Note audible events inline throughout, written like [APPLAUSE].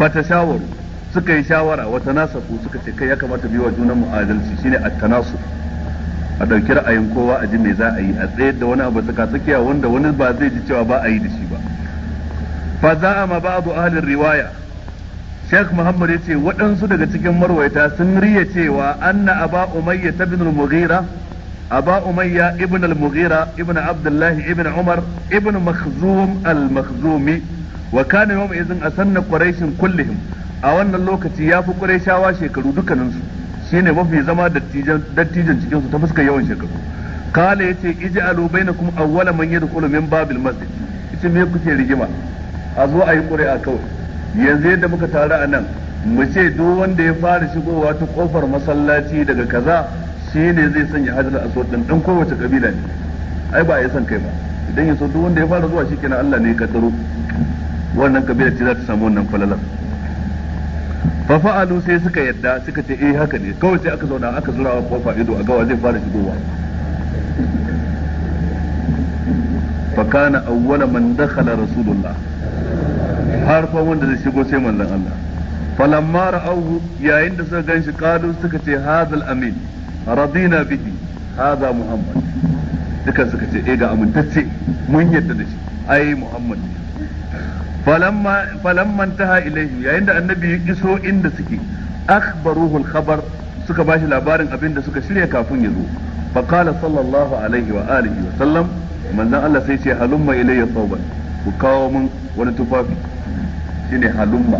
fata shawaru suka yi shawara wata nasafu suka ce kai ya kamata biyu wa junan mu adalci shine a tanasu a ɗauki ra'ayin kowa a ji me za a yi a tsayar da wani abu tsaka tsakiya wanda wani ba zai ji cewa ba a yi da shi ba fa za a ma ba abu ahalin riwaya Sheikh Muhammad ya ce waɗansu daga cikin marwaita sun riya cewa anna aba umayya ibn mughira aba umayya ibn al-mughira ibn Abdullahi ibn umar ibn makhzum al-makhzumi wa kana yawma izin asanna quraishin kullihim a wannan lokaci ya fi quraishawa shekaru dukkaninsu shine mafi zama dattijan dattijan cikin su ta fuskar yawan shekaru kala yace ij'alu bainakum awwala man yadkhulu min babil masjid yace me kuke rigima a zo a yi qur'a kawai yanzu yadda muka taru a nan mu ce duk wanda ya fara shigowa ta kofar masallaci daga kaza shine zai sanya hajar aso din dan kowace kabila ne ai ba a yi kai ba idan ya so duk wanda ya fara zuwa shi kenan Allah ne ya kaddaro wannan kabilar ce za ta samu wannan falalar fa fa'alu sai suka yadda suka ce eh haka ne kawai sai aka zauna aka zura wa kofa ido a gawa zai fara shigowa fa kana awwala man dakhala rasulullah har fa wanda zai shigo sai manzon Allah falamma ra'awhu yayin da suka ganshi qalu suka ce hadal amin radina bihi hada muhammad dukan suka ce eh ga amintacce mun yadda da shi ai muhammad ne falamma taha ilaihi yayin da annabi ya iso inda suke akhbaruhu al-khabar suka bashi labarin abin da suka shirya kafin ya zo fa qala sallallahu alaihi wa alihi wa sallam manzon Allah sai ce halumma ilayya thawban ku kawo mun wani tufafi shine halumma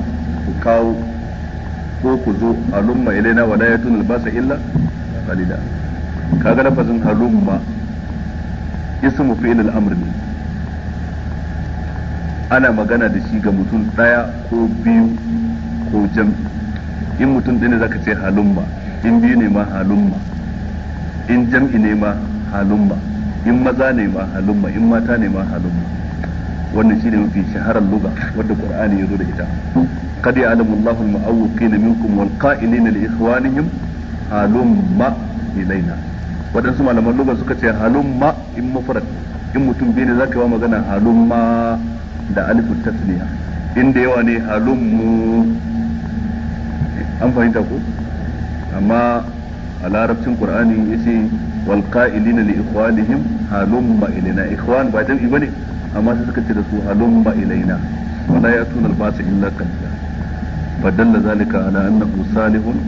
ku kawo ko ku zo halumma ilaina wa illa lafazin halumma ismu fi'l al ana magana da shi ga mutum ɗaya ko biyu ko jam in mutum ɗaya ne zaka ce halumma in biyu ne ma halumma in jam'i ne ma halumma in maza ne ma halumma in mata ne ma halumma wannan shine mafi shaharar luga wadda qur'ani ya zo da ita qad ya'lamu Allahu al-mu'awwiqina minkum wal qa'ilina li ikhwanihim halumma ilaina wadansu malaman luga suka ce halumma in mufrad in mutum biyu ne zaka yi magana halumma da alifu tasniya inda yawa ne halummu an fahimta ku. amma a larabcin qur'ani yace wal qa'ilina li ikhwanihim halumma ilaina ikhwan ba jam'i bane amma sai suka ce da su halumma ilaina wala yatuna al ba'sa illa qalila fadalla zalika ala annahu salihun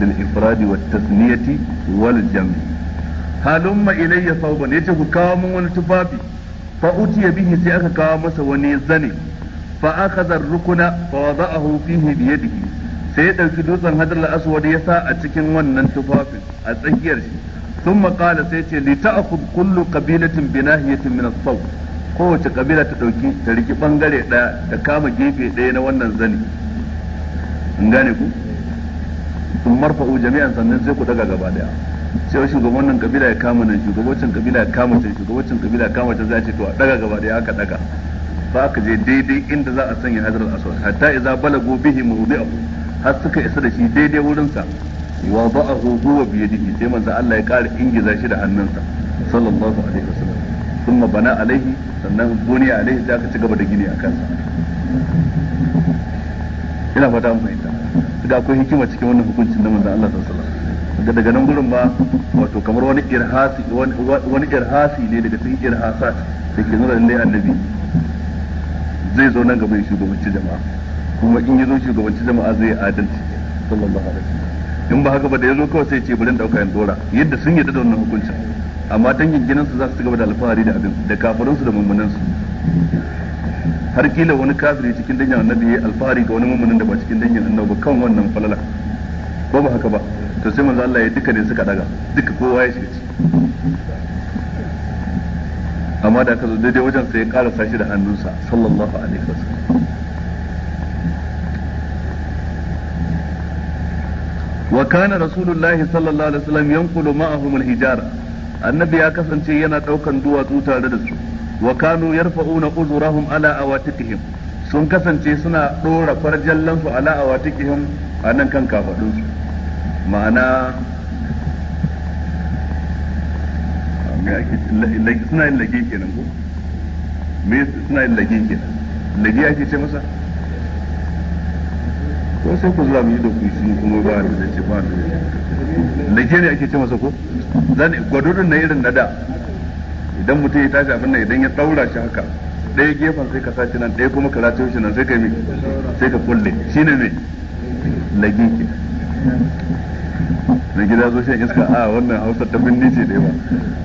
lil ifradi wat tasniyati wal jam'i halumma ilayya thawban yace ku kawo mun wani tufafi fa utiya bihi sai aka kawo masa wani zani fa akhadha rukuna fa wada'ahu fihi bi yadihi sai ya dauki dutsen hadal aswad ya sa a cikin wannan tufafin a tsakiyar shi thumma qala sai ce li ta'khud kullu qabilatin bi nahiyatin min as-sawt kowace kabila ta dauki ta riki bangare daya ta kama gefe ɗaya na wannan zani in gane ku sun marfa'u jami'an sannan sai ku daga gaba daya cewa shugaban kabila ya kama nan shugabancin kabila ya kama can shugabancin kabila ya kama can zai ce to a daga gaba ya aka daga ba aka je daidai inda za a sanya hadar aswad hatta idza balagu bihi mawdi'ahu har suka isa da shi daidai wurin sa wa ba'ahu huwa bi yadihi sai manzo Allah ya kare ingiza shi da hannunsa sallallahu alaihi wasallam thumma bana alaihi sannan buniya alaihi sai aka ci gaba da gini a kansa ina fata mun fahimta da akwai hikima cikin wannan hukuncin na manzo Allah sallallahu alaihi wasallam daga nan gurin ma wato kamar wani irhasi wani irhasi ne daga cikin irhasat da ke nuna lallai annabi zai zo nan gaba ya shugabanci jama'a kuma in ya zo shugabanci jama'a zai adalci sallallahu alaihi wasallam in ba haka ba da ya zo kawai sai ce bari in dauka in dora yadda sun yadda da wannan hukuncin amma dangin ginin su za su gaba da alfahari da abin da kafirin su da mummunan su har kila wani kafiri cikin dangin annabi ya alfahari ga wani mummunin da ba cikin dangin annabi ba kan wannan falala ba ba haka ba to sai manzo Allah ya duka ne suka daga duka kowa ya shiga amma da aka zo daidai wajen sai ya karasa shi da hannunsa sallallahu alaihi wasallam wa kana rasulullahi sallallahu alaihi wasallam yanqulu ma'ahum al-hijara annabi ya kasance yana daukan duwatsu tare da su wa kanu yarfa'una uzurahum ala awatikihim sun kasance suna dora farjallansu ala awatikihim a nan kan kafadunsu ma'ana suna yin lage kenan ko me suna yin lage kenan lage ake ce masa ko sai ku zuwa mu yi da ku shi kuma ba da zai ce ba da zai lage ne ake ce masa ko zan gwadodin na irin na idan mutum ya tashi abin nan idan ya daura shi haka ɗaya gefen sai ka sace nan ɗaya kuma ka rataye shi nan sai ka yi sai ka kulle shi ne lage kenan na gida zo shan iska a wannan hausar ta binni ce dai ba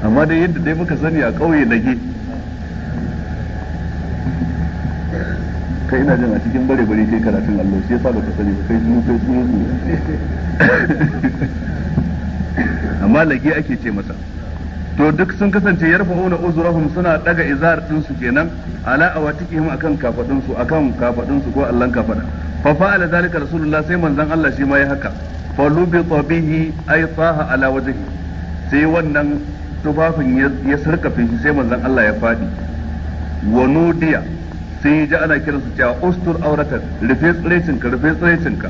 amma dai yadda dai muka sani a ƙauye nage kai ina jin a cikin bare bare kai karatun allo shi yasa baka sani kai sun kai sun amma lage ake ce masa to duk sun kasance yarfa'una uzurahum suna daga izar din su kenan ala awatikihim akan kafadun su akan kafadun su ko allan kafada fa fa'ala zalika rasulullah sai manzon Allah shi ma ya haka fa lubi bihi ay taha ala wajhi sai wannan tufafin ya sarkafe shi sai manzon Allah ya fadi wa nudiya sai ya ji ana su cewa ustur auratar rufe tsiraicinka rufe tsiraicinka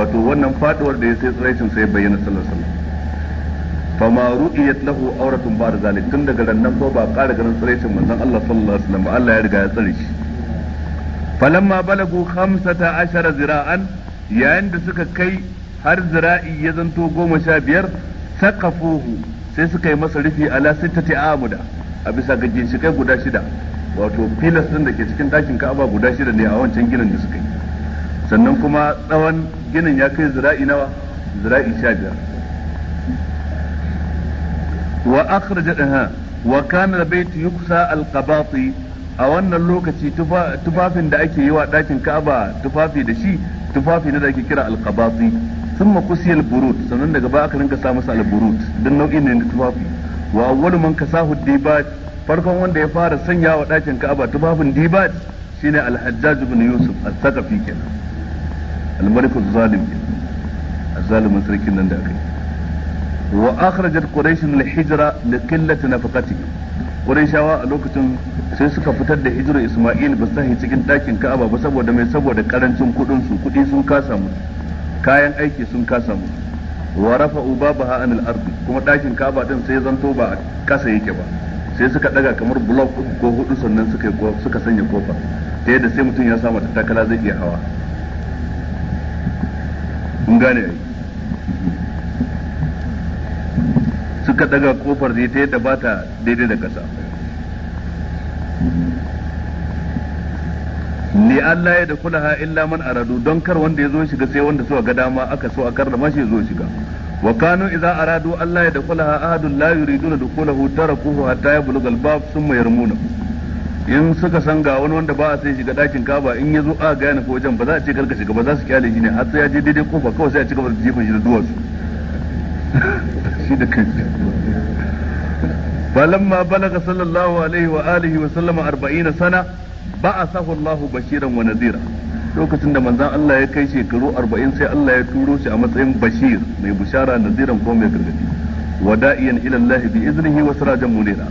wato wannan faduwar da ya sai tsiraicin sai bayyana sallallahu alaihi wasallam fama ru'iyat lahu auratun ba da zalik tun daga nan ko ba ƙara ganin tsiraicin manzon Allah sallallahu alaihi wasallam Allah ya riga ya tsare shi falamma balagu hamsata ashara zira'an yayin da suka kai har zira'i ya zanto goma sha biyar sakafuhu sai suka yi masa rufi ala sittati amuda a bisa ga ginshikai guda shida wato filas da ke cikin ɗakin ka'aba guda shida ne a wancan ginin da suka yi sannan kuma tsawon ginin ya kai zira'i nawa zira'i sha biyar wa akhraja wa kana al-bayt yuksa al a wannan lokaci tufafin da ake yi wa ɗakin ka'aba tufafi da shi tufafi ne da ake kira alƙabafi thumma kusiyal burut sannan daga baya aka rinka sa masa alburut dan nau'in ne da tufafi wa awwalu man kasahu dibat farkon wanda ya fara sanya wa ɗakin ka'aba tufafin dibat shine al-hajjaj ibn yusuf al-thaqafi kenan al-malik az-zalim zalimin sarkin nan da aka yi wa akhrajat quraish al-hijra li qillati nafaqatihi shawa a lokacin sai suka fitar da hijira Isma'il ba sahi cikin ɗakin Ka'aba ba saboda mai saboda karancin kuɗin su kuɗi sun kasa mu kayan aiki sun kasa mu wa rafa'u babaha anil ardi kuma ɗakin Ka'aba din sai zanto ba a kasa yake ba sai suka daga kamar block ko hudu sannan suka suka sanya kofa ta yadda sai mutum ya samu takala zai iya hawa kun gane suka daga kofar ne ta yadda ba ta daidai da ƙasa Ni Allah ya da kula kulaha illa man aradu don kar wanda ya zo shiga sai wanda suka ga dama aka so a karrama shi ya zo shiga wa kanu idza aradu Allah ya da kula kulaha ahadun la yuriduna dukulahu tarakuhu hatta bulu galba sun thumma yarmuna in suka san ga wani wanda ba a sai shiga dakin kaba in ya zo a ga yana wajen ba za a ce karka shiga ba za su kyale shi ne har sai ya je daidai kofa kawai sai a ci gaba da jefa shi da duwatsu shi da kanshi balaga sallallahu alaihi wa alihi wa sallama 40 sana ba'athahu Allah bashiran wa nadhira lokacin da manzan Allah ya kai shekaru 40 sai Allah ya turo shi a matsayin bashir mai bushara nadiran ko mai gargadi wada'iyan ila Allah bi iznihi wa sirajan munira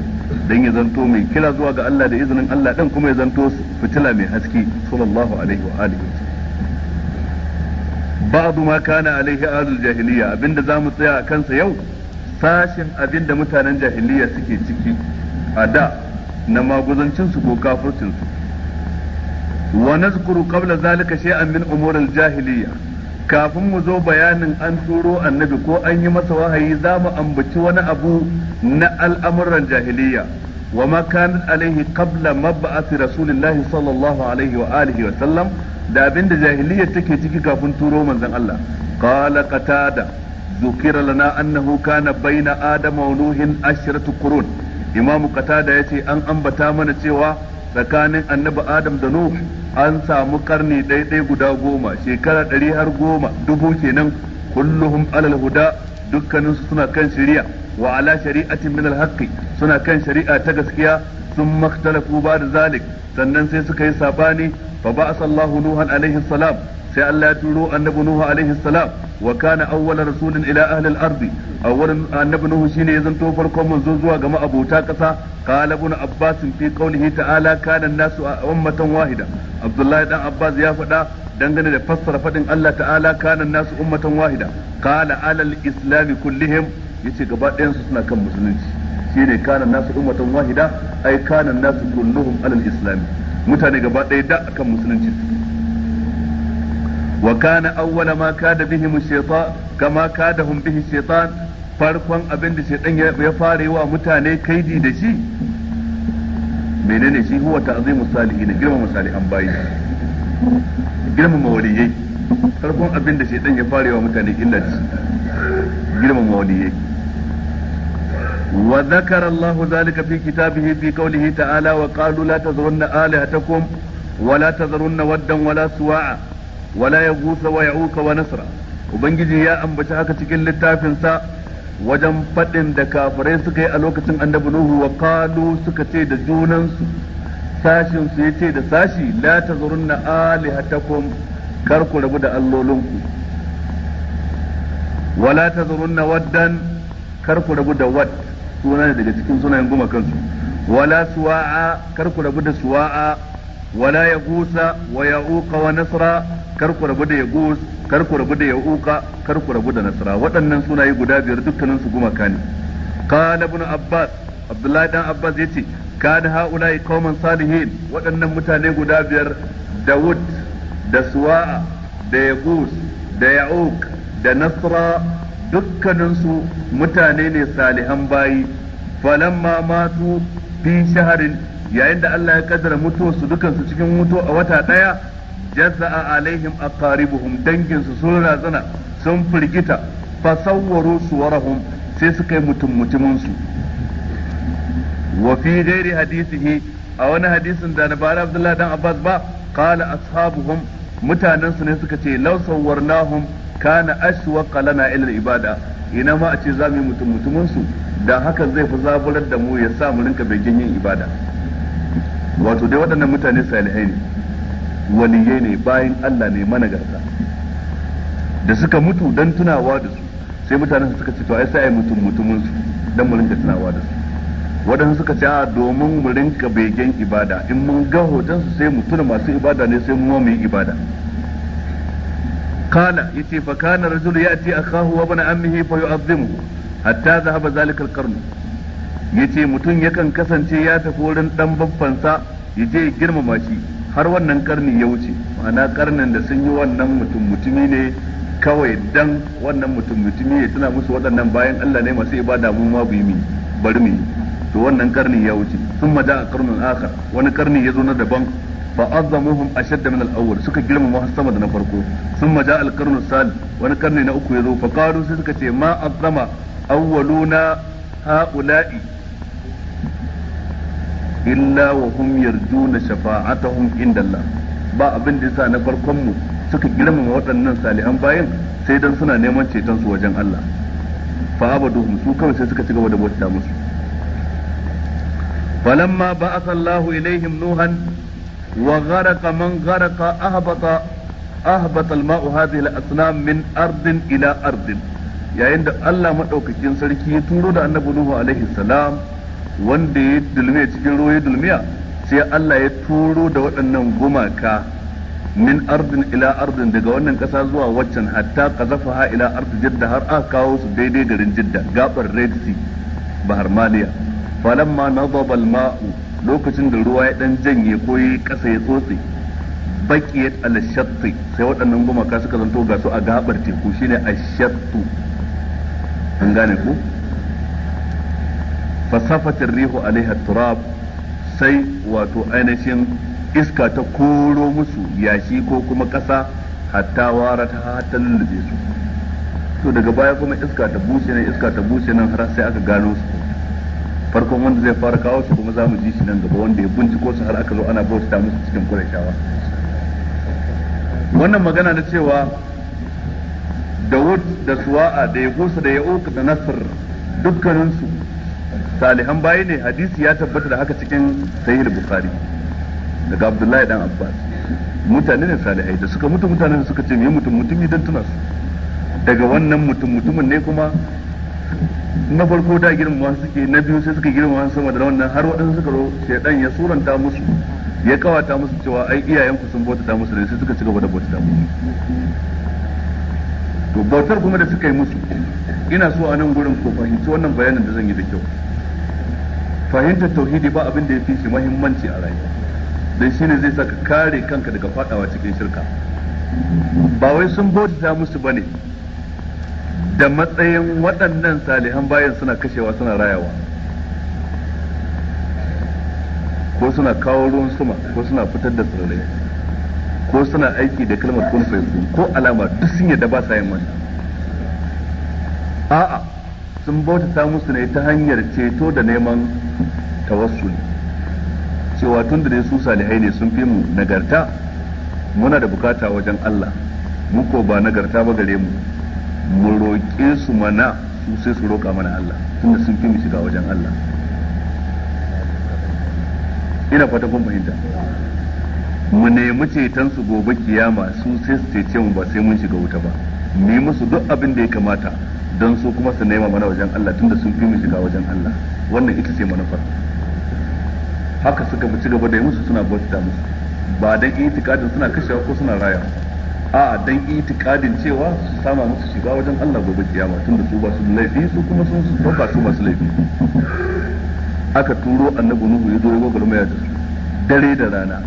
dan ya zanto mai kira zuwa ga Allah da izinin Allah dan kuma ya zanto fitila mai haske sallallahu alaihi wa alihi ba'du ma kana jahiliya abinda zamu tsaya kansa yau sashin abin da mutanen jahiliya suke ciki a da na maguzancinsu ko kafircinsu wa nazkuru qabla zalika shay'an min umur al-jahiliya kafin mu zo bayanin an turo annabi ko an yi masa wahayi za mu ambaci wani abu na al'amuran jahiliya wa ma kanat alaihi qabla mab'ath rasulillahi sallallahu alaihi wa alihi wa sallam da abin da jahiliya take ciki kafin turo manzon Allah qala qatada ذكر لنا أنه كان بين آدم ونوح عشرة قرون إمام قتادة يتي أن أنبتا من سوى tsakanin annabi adam da nuh an samu karni daidai guda goma shekara ɗari har goma dubu kenan kulluhum alal huda dukkaninsu suna kan shari'a wa ala shari'atin min suna kan shari'a ta gaskiya sun makhtalafu ba da zalik sannan sai suka yi sabani fa ba'asa nuhan alaihi salam sai Allah ya turo annabi Nuhu alaihi salam wa kana awwala rasulin ila ahli al-ard awwalan annabi Nuhu shine ya zanto farkon manzo zuwa ga ma'abota kasa qala ibn Abbas fi qawlihi ta'ala kana an-nasu ummatan wahida Abdullahi dan Abbas ya faɗa dangane da fassara fadin Allah ta'ala kana an-nasu ummatan wahida qala alal islam kullihim yace gaba ɗayan su suna kan musulunci shine kana nasu ummatan wahida ai kana nasu kulluhum alal islam mutane gaba ɗaya da kan musulunci wa na awala ma kada bihim shaytan kama kadahum bihi shaytan farkon abin da ya fara yi wa mutane kaidi da shi menene shi huwa ta'zimu salihin girmama salihan bayi girmama waliyai farkon abin da ya fara yi wa mutane illa da shi girmama waliyai وذكر الله ذلك في كتابه في قوله تعالى وقالوا لا تذرن آلهتكم ولا waddan ودا ولا سواعا wala yaghusa wa ya'uka wa nasra ubangiji ya ambaci haka cikin littafin sa wajen fadin da kafirai suka yi a lokacin annabi nuhu wa qalu suka ce da junansu sashin su yace da sashi la tazurunna alihatakum kar ku rabu da allolinku wala tazurunna waddan kar ku rabu da wad suna daga cikin sunayen gumakansu wala suwa'a kar ku rabu da suwa'a wala ya gusa wa ya uka wa nasra kar ku rabu da ya uka kar ku rabu da waɗannan sunaye guda biyar dukkanin su kani. ne qala abbas abdullahi dan abbas yace kana haula'i qauman salihin waɗannan mutane guda biyar dawud da suwa'a da ya gus da ya'uq da nasra dukkaninsu mutane ne salihan bayi falamma matu fi shaharin yayin da Allah ya kaddara mutuwar su dukan cikin mutu a wata daya jazza'a alaihim aqaribuhum dangin su sun razana sun firgita fasawwaru suwarahum sai suka yi mutum mutumin su wa fi ghairi hadisihi a wani hadisin da na bara Abdullah dan Abbas ba qala ashabuhum mutanen su ne suka ce law sawwarnahum kana ashwaqa lana ila ibada ina ma a ce za mu yi mutum mutumin su dan haka zai fi zaburar da mu ya sa mu rinka begen yin ibada wato dai waɗannan mutane salihai ne waliyai ne bayan Allah ne managarta da suka mutu don tunawa da su sai mutanen suka ce to ai sai mutum mutumin su dan mu rinka tunawa da su waɗansu suka ce a domin mu rinka begen ibada in mun ga hoton su sai mu tuna masu ibada ne sai mu mu yi ibada kala yace fa kana rajulu ya'ti akahu wa ibn ammihi fa yu'azzimu hatta zahaba zalika al-qarn ya ce mutum yakan kasance ya tafi wurin ɗan babbansa ya je girmama shi har wannan karni ya wuce ma'ana karnin da sun yi wannan mutum mutumi ne kawai dan wannan mutum mutumi ya tuna musu waɗannan bayan Allah ne masu ibada mu ma bu yi bari mu to wannan karni ya wuce sun maja a karnin akar wani karni ya zo na daban fa azzamuhum ashadda min al-awwal suka girmama har sama da na farko sun maja al-qarnu sal wani karni na uku ya zo fa qalu sai suka ce ma azzama awwaluna ha'ula'i illa wa hum yarjuna shafa'atahum indallah ba abin da yasa na farkon mu suka girmama waɗannan sali'an bayan sai dan suna neman ceton su wajen Allah fa abaduhum su kawai sai suka ci gaba da bauta musu falamma ba'atha Allahu ilaihim nuhan wa gharaqa man gharaqa ahbata ahbata al-ma'u al-asnam ardin ila ardin yayin da Allah maɗaukakin sarki ya turo da annabi Nuhu alaihi salam wanda ya dulmiya cikin ruwa ya dulmiya sai Allah ya turo da waɗannan gumaka min ardin ila ardin daga wannan ƙasa zuwa waccan hatta ha ila ardin jidda har aka kawo su daidai garin jidda gabar red sea bahar maliya falamma na babal mau lokacin da ruwa ya dan janye ko yi ƙasa ya tsotse baqiyat al sai waɗannan gumaka suka zanto ga a gabar teku shine ash-shattu an gane ku fasafatin rihu alaiha turab sai wato ainihin iska ta koro musu yashi ko kuma ƙasa hatta wara ta hatta lullube su to daga baya kuma iska ta bushe nan iska ta bushe nan har sai aka gano su farkon wanda zai fara kawo su kuma za mu ji shi nan gaba wanda ya binciko su har aka zo ana bauta musu cikin shawa. wannan magana na cewa Dawud da Suwa'a da ya da uku da dukkanin su. salihan bayi ne hadisi ya tabbata da haka cikin sahih bukhari daga abdullahi dan abbas mutane ne salihai da suka mutu mutanen suka ce me mutum mutum dan tuna su daga wannan mutum mutumin ne kuma na farko da wasu suke na biyu sai suka girmama sama da wannan har waɗansu suka ro shaidan ya suranta musu ya kawata musu cewa ai iyayenku sun bautata musu ne sai suka ci gaba da bautata musu to bautar kuma da suka yi musu ina so a nan gurin ko fahimci wannan bayanin da zan yi da kyau fahimtar tauhidi ba abin da ya fi shi muhimmanci a rayuwa dan ne zai sa ka kare kanka daga fadawa cikin shirka ba wai sun bautata musu ba ne. da matsayin waɗannan salihan bayan suna kashewa suna rayawa ko suna kawo ruwan suma ko suna fitar da tsirrai ko suna aiki da kalmar kun ko alama duk sun yadda ba sa yin wannan a'a sun bautata musu ne ta hanyar ceto da neman tawassuli cewa tun da su salihai ne sun fi mu nagarta muna da bukata wajen Allah mu ko ba nagarta ba gare mu mu roƙe su mana su sai su roƙa mana Allah tunda sun fi mu shiga wajen Allah ina fata kun fahimta mu nemi ceton su gobe kiyama su sai su ce mu ba sai mun shiga wuta ba mu yi musu duk abin da ya kamata don su kuma su nema mana wajen Allah tunda sun fi mu shiga wajen Allah wannan ita ce manufar haka suka ci gaba da yi musu suna bauta musu ba dan itikadin suna kashewa ko suna raya a dan itikadin cewa su sama musu shiga wajen Allah gobe kiyama tunda su ba su laifi su kuma sun su ba su masu laifi aka turo annabi nuhu ya zo ya gwagwarmaya da su dare da rana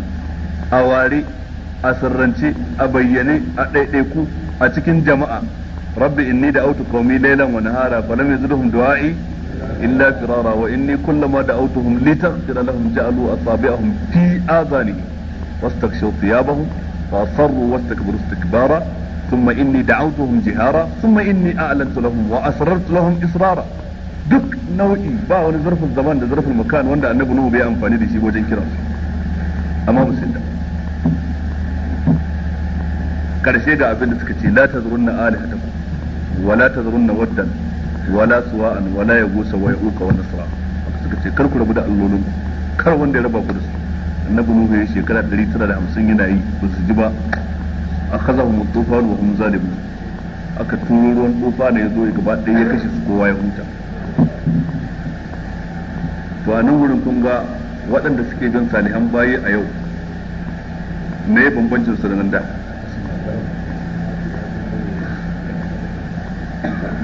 a ware a sirrance a bayyane a ɗaiɗaiku a cikin jama'a rabbi inni da'awtu qaumi laylan wa nahara falam yazidhum du'a'i illa firara wa inni kullama da'awtuhum litaghfira lahum ja'alu asabi'ahum fi adhanihim فأصروا واستكبروا استكبارا ثم إني دعوتهم جهارا ثم إني أعلنت لهم وأسررت لهم إصرارا duk nau'i ba wani zurfin zaman da zurfin makan wanda annabi Nuhu bai amfani da shi wajen kira su amma ba da karshe ga abin da suka ce la tazurunna alihata wala na waddan wala suwa'an wala gusa wa yauka wa nasra suka ce kar ku rabu da allolin kar wanda ya raba ku da su annabi nuhu ya shekara 950 yana yi ba su ji ba akhazahum mu tufan wa hum zalimun aka turo ruwan tufa ne zo ya gaba ɗaya ya kashe su kowa ya huta to a nan wurin kun ga waɗanda suke jin salihan bayi a yau me bambancin su da nan da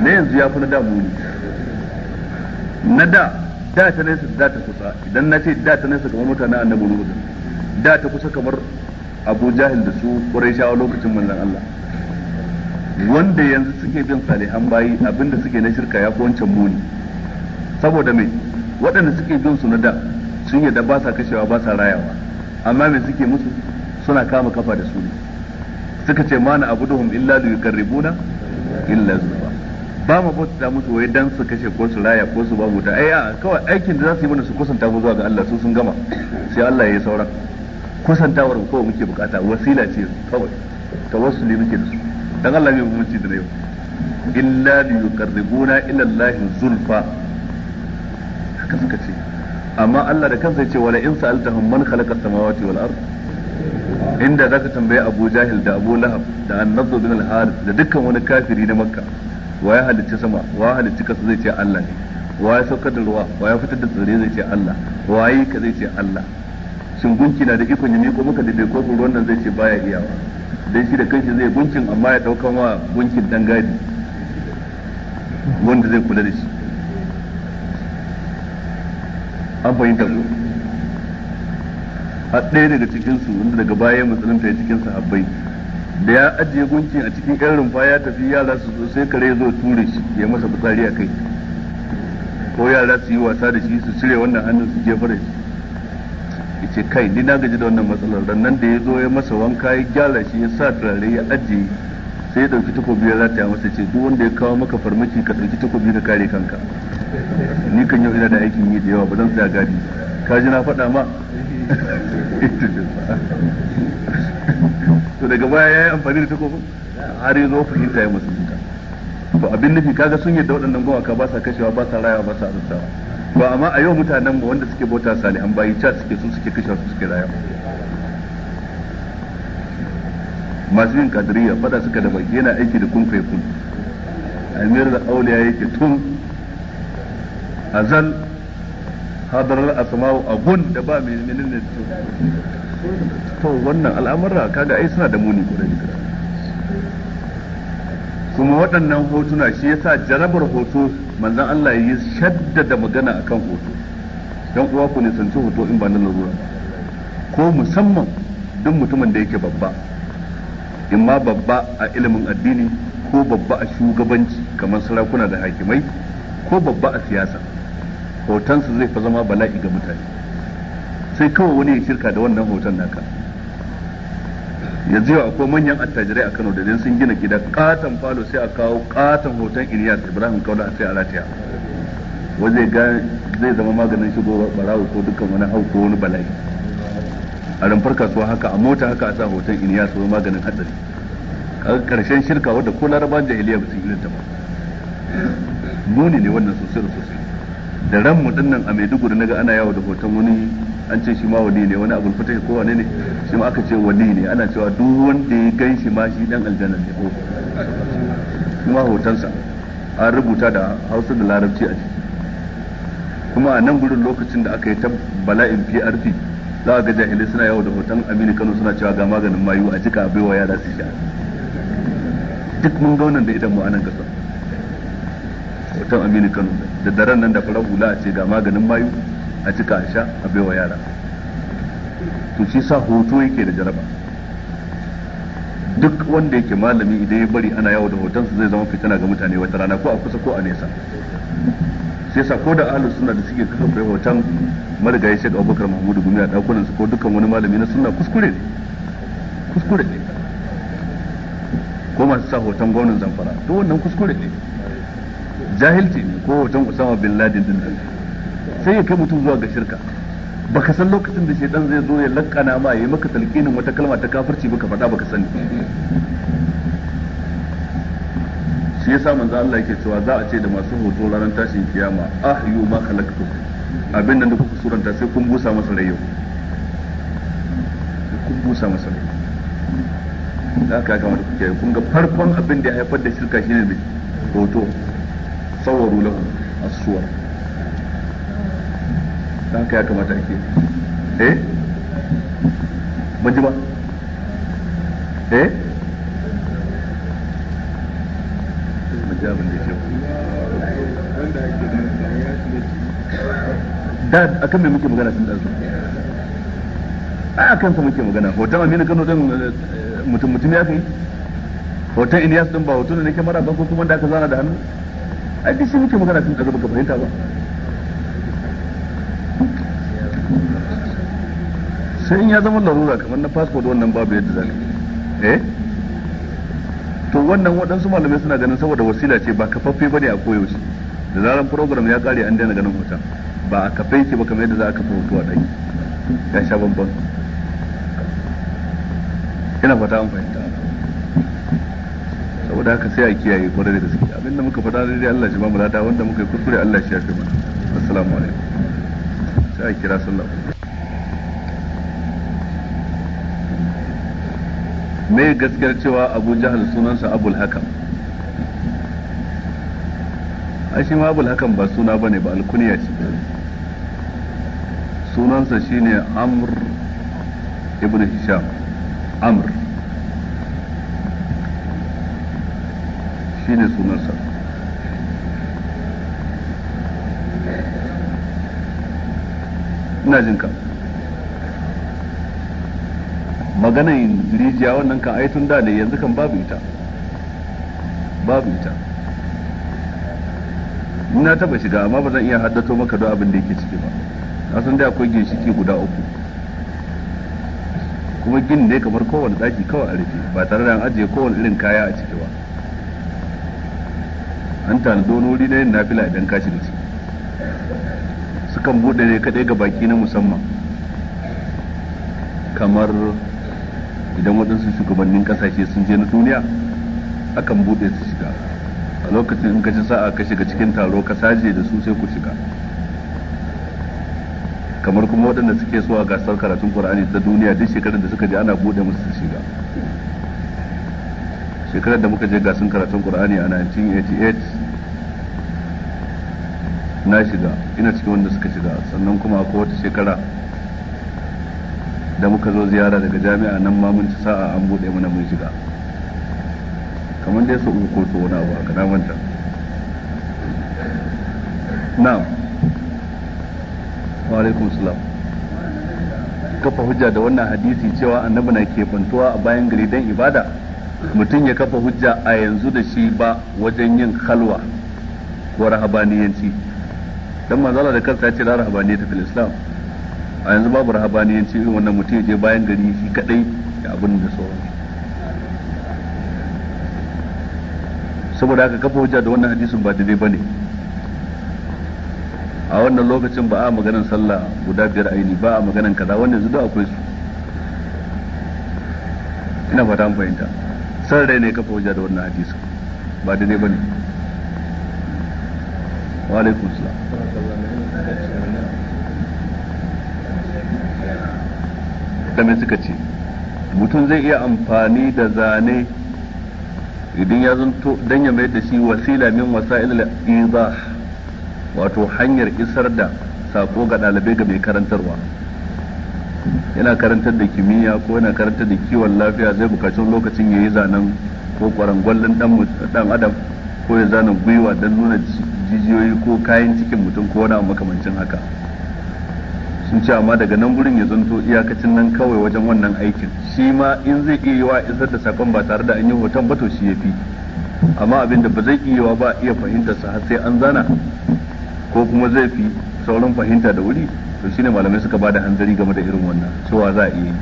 na yanzu ya fi na da muni na da da ta nesa da ta kusa idan na ce da ta nesa kamar mutanen annabi nuhu da ta kusa kamar abu jahil da su shawar lokacin manzon Allah wanda yanzu suke bin salihan bayi abinda suke na shirka ya fi wancan muni saboda mai waɗanda suke bin su na da sun yadda ba sa kashewa ba sa rayawa amma mai suke musu suna kama kafa da su ne suka ce mana abuduhum illa liyuqarribuna illa zuba. ba mu bauta musu wai dan su kashe ko su raya ko su ba mu ai a kawai aikin da za su yi mana su kusanta mu zuwa ga Allah su sun gama sai Allah ya yi sauran kusantawar mu muke bukata wasila ce kawai ta wasu ne muke da su dan Allah bai mu ci da yau illa li yuqarribuna ila Allah zulfa haka suka ce amma Allah da kansa ya ce wala in sa'altahum man khalaqa samawati wal ard inda zaka tambaye Abu Jahil da Abu Lahab da an bin al-Harith da dukkan wani kafiri na Makka wa ya halicci sama wa halicci kasa zai ce Allah ne wa ya saukar da ruwa wa ya fitar da tsire zai ce Allah wa ya yi ka zai ce Allah shin gunki na da ikon yi miko muka da ko ruwan nan zai ce baya iyawa dan shi da kanshi zai gunkin amma ya dauka wa gunkin dan gadi wanda zai kula da shi an fahimta ko a ɗaya daga cikinsu wanda daga baya musulunta ya cikin sahabbai da ya ajiye gunkin a cikin yan rumfa ya tafi yara su zo sai kare zo ture shi ya masa fitsari a kai ko yara su yi wasa da shi su cire wannan hannun su jefar da shi ce kai ni na gaji da wannan matsalar dan nan da ya zo ya masa wanka ya gyara shi ya sa turare ya ajiye sai ya dauki takobi ya rataya masa ce duk wanda ya kawo maka farmaki ka dauki takobi ka kare kanka ni kan yau ina da aikin yi da yawa ba zan tsaya gadi ka ji na faɗa ma [LAUGHS] to daga baya ya yi amfani da takobin har yi zo fahimta ya musulunta Ba abin nufi kaga sun yadda waɗannan gowaka ba sa kashewa ba sa rayawa ba sa azabtawa ba amma a yau mutanen mu wanda suke bauta an bayi ca suke su suke kashewa su suke rayawa masu yin kadiriya fada suka da baki yana aiki da kun kun amir da auliya yake tun azal hadarar asma'u abun da ba mai menene da to wannan al'amura kaga ai suna da muni ko da kuma waɗannan hotuna shi ya sa jarabar hoto manzon Allah ya shaddada magana akan hoto don uwa ku nisanci hoto in ba na lalura. ko musamman duk mutumin da yake babba in ma babba a ilimin addini ko babba a shugabanci kamar sarakuna da hakimai ko babba a siyasa hotonsa zai fa zama bala'i ga mutane sai kawai wani ya shirka da wannan hoton naka yanzu yau akwai manyan attajirai a Kano da dan sun gina gida katon falo sai a kawo katon hoton Ilyas Ibrahim Kaula sai a rataya wanda ga zai zama maganin shigo barawo ko dukkan wani hau ko wani bala'i a rumfar kasuwa haka a mota haka a sa hoton Ilyas wani maganin hatsari karshen shirka wadda ko laraban jahiliya ba su irin ta ba muni ne wannan sosai da sosai da ran mu dinnan a Maiduguri ga ana yawo da hoton wani an ce shi ma wali ne wani abul fatah ko wani ne shi ma aka ce wali ne ana cewa duk wanda ya gan shi ma shi dan aljanna ne ko oh. kuma hotonsa an rubuta da hausa da larabci a ciki kuma a nan gurin lokacin da aka yi ta bala'in PRP za a ga jahilai suna yawo da hoton Aminu Kano suna cewa ga maganin mayu a jika baiwa yara su sha duk mun ga wannan da idan mu anan kasa hoton Aminu Kano da daren nan da farar hula a ce ga maganin mayu a cika a sha a baiwa yara to shi sa hoto yake da jaraba duk wanda yake malami idan ya bari ana yawo da hotonsa zai zama fitana ga mutane wata rana ko a kusa ko a nesa sai sa ko da ahlus sunna da suke kafa bai hoton marigayi ga Abubakar Mahmudu Gumi a dakunan su ko dukkan wani malami na sunna kuskure ne kuskure ne ko masu sa hoton gwamnan zamfara to wannan kuskure ne jahilci ne ko hoton Usama bin ladin din sai ya kai mutum zuwa ga shirka baka san lokacin da shaitan zai zo ya lakkana ma ya maka talqinin wata kalma ta kafirci baka faɗa baka sani shi yasa manzo Allah yake cewa za a ce da masu hoto ranar tashin kiyama ahyu ma khalaqtu abin da kuka suranta sai kun busa masa rai yau kun busa masa rai da aka kama da kuke kun ga farkon abin da ya haifar da shirka shine ne hoto sawaru lahu as-suwar da haka ya kamata ake eh ban eh da akan muke magana sun a muke magana hoton eh, ya fi hoton ba hoton da nake mara ko kuma da aka zana da hannu a muke magana baka fahimta ba sai in ya zama larura kamar na fasfod wannan babu yadda zaka eh to wannan waɗansu malamai suna ganin saboda wasila ce ba kafaffe ne a koyaushe da zaran program ya ƙare an daina ganin hoton ba a kafe yake ba kamar yadda za a kafa hoto a ɗaki ya sha bambam ina fata an fahimta saboda haka sai a kiyaye kwarai da gaske abinda muka faɗa daidai Allah shi ba mu lada wanda muka yi kuskure Allah shi ya fi mana assalamu alaikum sai a kira sallah me gaskiyar cewa abu jahal sunansa abul hakam shi ma abul hakam ba suna bane ba alkuniya ce sunansa shine amr ibn hisham amr shine sunansa ina jin ka maganin rijiya wannan kan ai tun da ne yanzu kan babu ita babu ita ina taba shiga amma ba zan iya haddato maka da abin da yake ciki ba na san da akwai ginshiki guda uku kuma gin ne kamar kowane daki kawai a rufe ba tare da an ajiye kowane irin kaya a ciki ba an tanado wuri na yin nafila idan ka shiga ciki sukan buɗe ne kaɗai ga baki na musamman kamar idan waɗansu shugabannin ƙasashe sun je na duniya akan buɗe su shiga a lokacin in kashi sa'a ka shiga cikin taro ka saje da su sai ku shiga kamar kuma waɗanda suke so a gasar karatun qur'ani ta duniya duk shekarar da suka je ana buɗe musu su shiga shekarar da muka je gasar karatun qur'ani a 1988 na shiga ina cikin wanda suka shiga sannan kuma akwai wata shekara da muka zo ziyara daga jami'a nan ma mun ci sa'a an buɗe mana mun shiga kamar dai su uku ko su wani abu a na manta na'am wa alaikum salam kafa hujja da wannan hadisi cewa annabi na ke bantuwa a bayan gari dan ibada mutum ya kafa hujja a yanzu da shi ba wajen yin halwa ko rahabaniyanci dan manzala da kansa ya ce la rahabaniya ta fil islam a yanzu babu rahabaniyanci irin wannan mutum ya je bayan gari shi kadai da abin da sauran saboda haka kafa hujja da wannan hadisin ba daidai bane a wannan lokacin ba a maganar sallah guda biyar aini ba a maganar kaza wannan yanzu da akwai su ina fata an fahimta san rai ne kafa hujja da wannan hadisin ba daidai bane wa suka ce mutum zai iya amfani da zane idan ya zanto don ya mai da shi wasila min wasa'il iza wato hanyar isar da sako ga ɗalibai ga mai karantarwa yana karantar da kimiyya ko yana karantar da kiwon lafiya zai bukaci lokacin ya yi zanen ko kwarangwallon dan adam ko ya zanen gwiwa don nuna jijiyoyi ko kayan cikin mutum ko wani makamancin haka sun ce amma daga nan gurin ya zanto iyakacin nan kawai wajen wannan aikin shi ma in zai iya yiwa isar da sakon ba tare da an yi hoton ba to shi ya fi amma abin da ba zai iya yiwa ba iya fahimta sa har sai an zana ko kuma zai fi saurin fahimta da wuri to shine malamai suka bada hanzari game da irin wannan cewa za a iya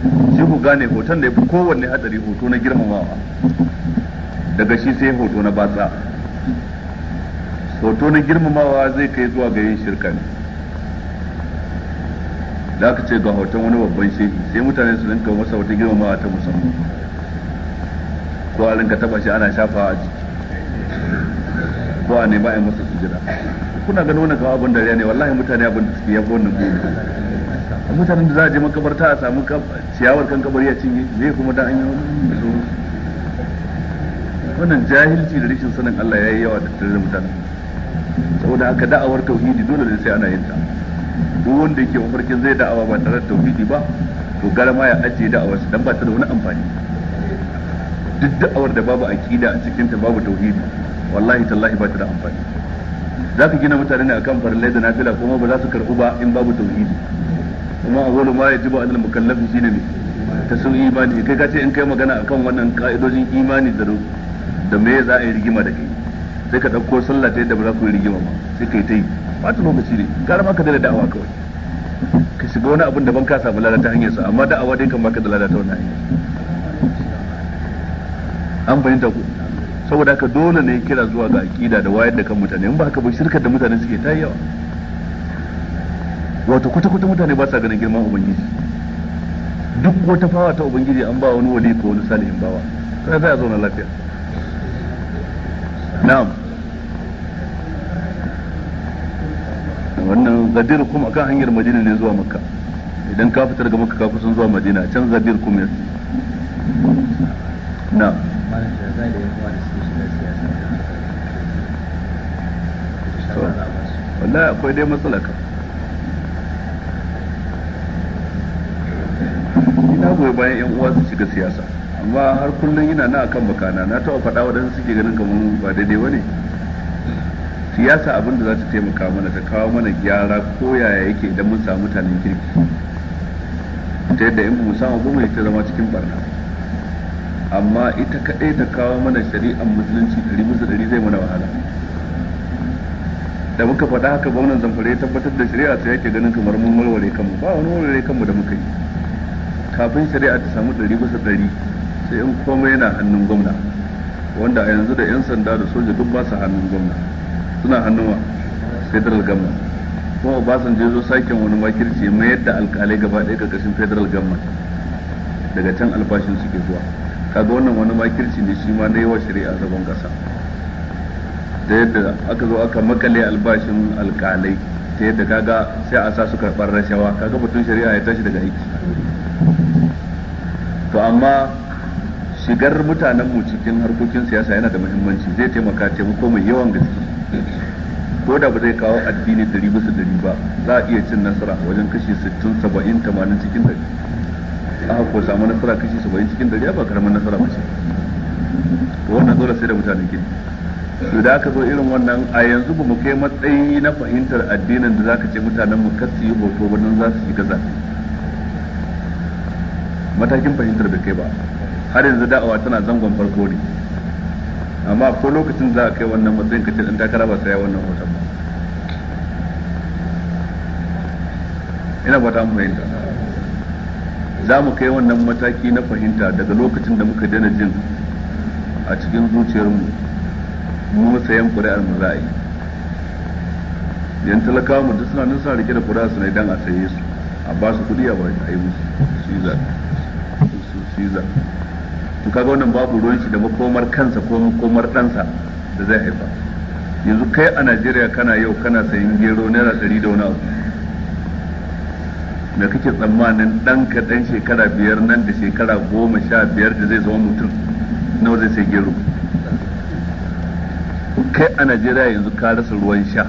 yi shi ku gane hoton da ya fi kowanne hatsari hoto na girmamawa daga shi sai hoto na batsa hoto na girmamawa zai kai zuwa ga yin shirka ne da aka ce ga hoton wani babban shehi sai mutane su rinka masa wata girmamawa ta musamman ko a rinka taba shi ana shafa a jiki ko a nema a masa sujira kuna ganin wani kawo abin dariya ne wallahi mutane abin da suke yabo wannan gobe mutanen da za a je makabarta a samu ciyawar kan kabari ya cinye zai kuma da an yi wani wannan jahilci da rashin sanin Allah ya yi yawa da tare da mutane saboda haka da'awar tauhidi dole ne sai ana yin ta duk wanda yake mafarkin zai da'awa ba tare da tauhidi ba to garama ya ajiye da'awar dan ba ta da wani amfani duk da'awar da babu aqida a cikin ta babu tauhidi wallahi tallahi ba ta da amfani za ka gina mutane ne akan farallai da nafila kuma ba za su karbu ba in babu tauhidi kuma a wani ma ya ji ba alal mukallafi shine ne ta sun imani kai ka ce in kai magana akan wannan ka'idojin imani da da me za a yi rigima da kai sai ka ɗauko sallah ta yadda ba za ku yi rigima ba sai ka yi ta yi ɓata lokaci ne gara ma ka daina da'awa kawai ka shiga wani abin da ban ka samu lada ta hanyar sa amma da'awa dai kan baka da lada ta wannan hanyar an fahimta ku saboda haka dole ne kira zuwa ga aƙida da wayar da kan mutane in ba haka ba shirkar da mutane suke ta yawa wato kwata-kwata mutane ba sa ganin girman ubangiji duk wata fawa ta ubangiji an ba wani wali ko wani salihin bawa sai za a zauna lafiya na'am wannan zadir kuma akan hanyar madina ne zuwa makka idan ka fitar ga makka kafin sun zuwa madina can zadir kuma yake na Wala akwai dai matsala ka ina goyi bayan yan uwa su shiga siyasa amma har kullum yana na akan bakana na taɓa faɗa waɗansu suke ganin kamar ba daidai ba ne siyasa abin da za ta taimaka mana ta kawo mana gyara ko yaya yake idan mun samu mutanen kirki ta yadda in mu samu goma mu ta zama cikin barna amma ita kaɗai ta kawo mana shari'ar musulunci ɗari musu ɗari zai mana wahala da muka faɗa haka gwamnan zamfara ya tabbatar da shari'a sai yake ganin kamar mun warware kanmu ba wani warware kanmu da muka yi kafin shari'a ta samu ɗari musu ɗari sai in komai yana hannun gwamna wanda a yanzu da 'yan sanda da soja duk ba su hannun gwamna suna hannun federal government kuma obasanjo zo sakin wani makirci mai yadda alkalai gaba ɗaya ƙarƙashin federal government daga can albashin suke zuwa kaga wannan wani makirci ne shi ma na yawa shari'a zagon ƙasa ta yadda aka zo aka makale albashin alkalai ta yadda kaga sai a sa su karɓar rashawa kaga batun shari'a ya tashi daga aiki to amma shigar mutanen mu cikin harkokin siyasa yana da muhimmanci zai taimaka taimako mai yawan gaske ko da ba zai kawo addini dari bisa dari ba za a iya cin nasara wajen kashi sittin saba'in tamanin cikin dari aka ko samu nasara kashi saba'in cikin dari ba karamin nasara ba ce wannan dole sai da mutanen gini Su da aka zo irin wannan a yanzu ba mu kai matsayi na fahimtar addinin da zaka ce mutanen mu kar su yi hoto ba nan za su yi gaza matakin fahimtar da kai ba har yanzu da'awa tana zangon farko ne amma ko lokacin za a kai wannan matsayin ka ce dan takara ba sai wannan hoton ba ina ba ta mu fahimta za mu kai wannan mataki na fahimta daga lokacin da muka daina jin a cikin zuciyarmu mu sayan ƙuri'ar mu za a yi yan talakawa mu duk suna nan suna rike da ƙuri'ar su ne dan a saye su a ba su kuɗi a ba a yi musu su yi za su yi za to kaga wannan babu ruwan shi da makomar kansa ko makomar ɗansa da zai haifa yanzu kai a Najeriya kana yau kana sayin gero naira ɗari da wani abu da kake tsammanin ɗan kaɗan shekara biyar nan da shekara goma sha biyar da zai zama mutum nawa zai sai gero kai a Najeriya yanzu ka rasa ruwan sha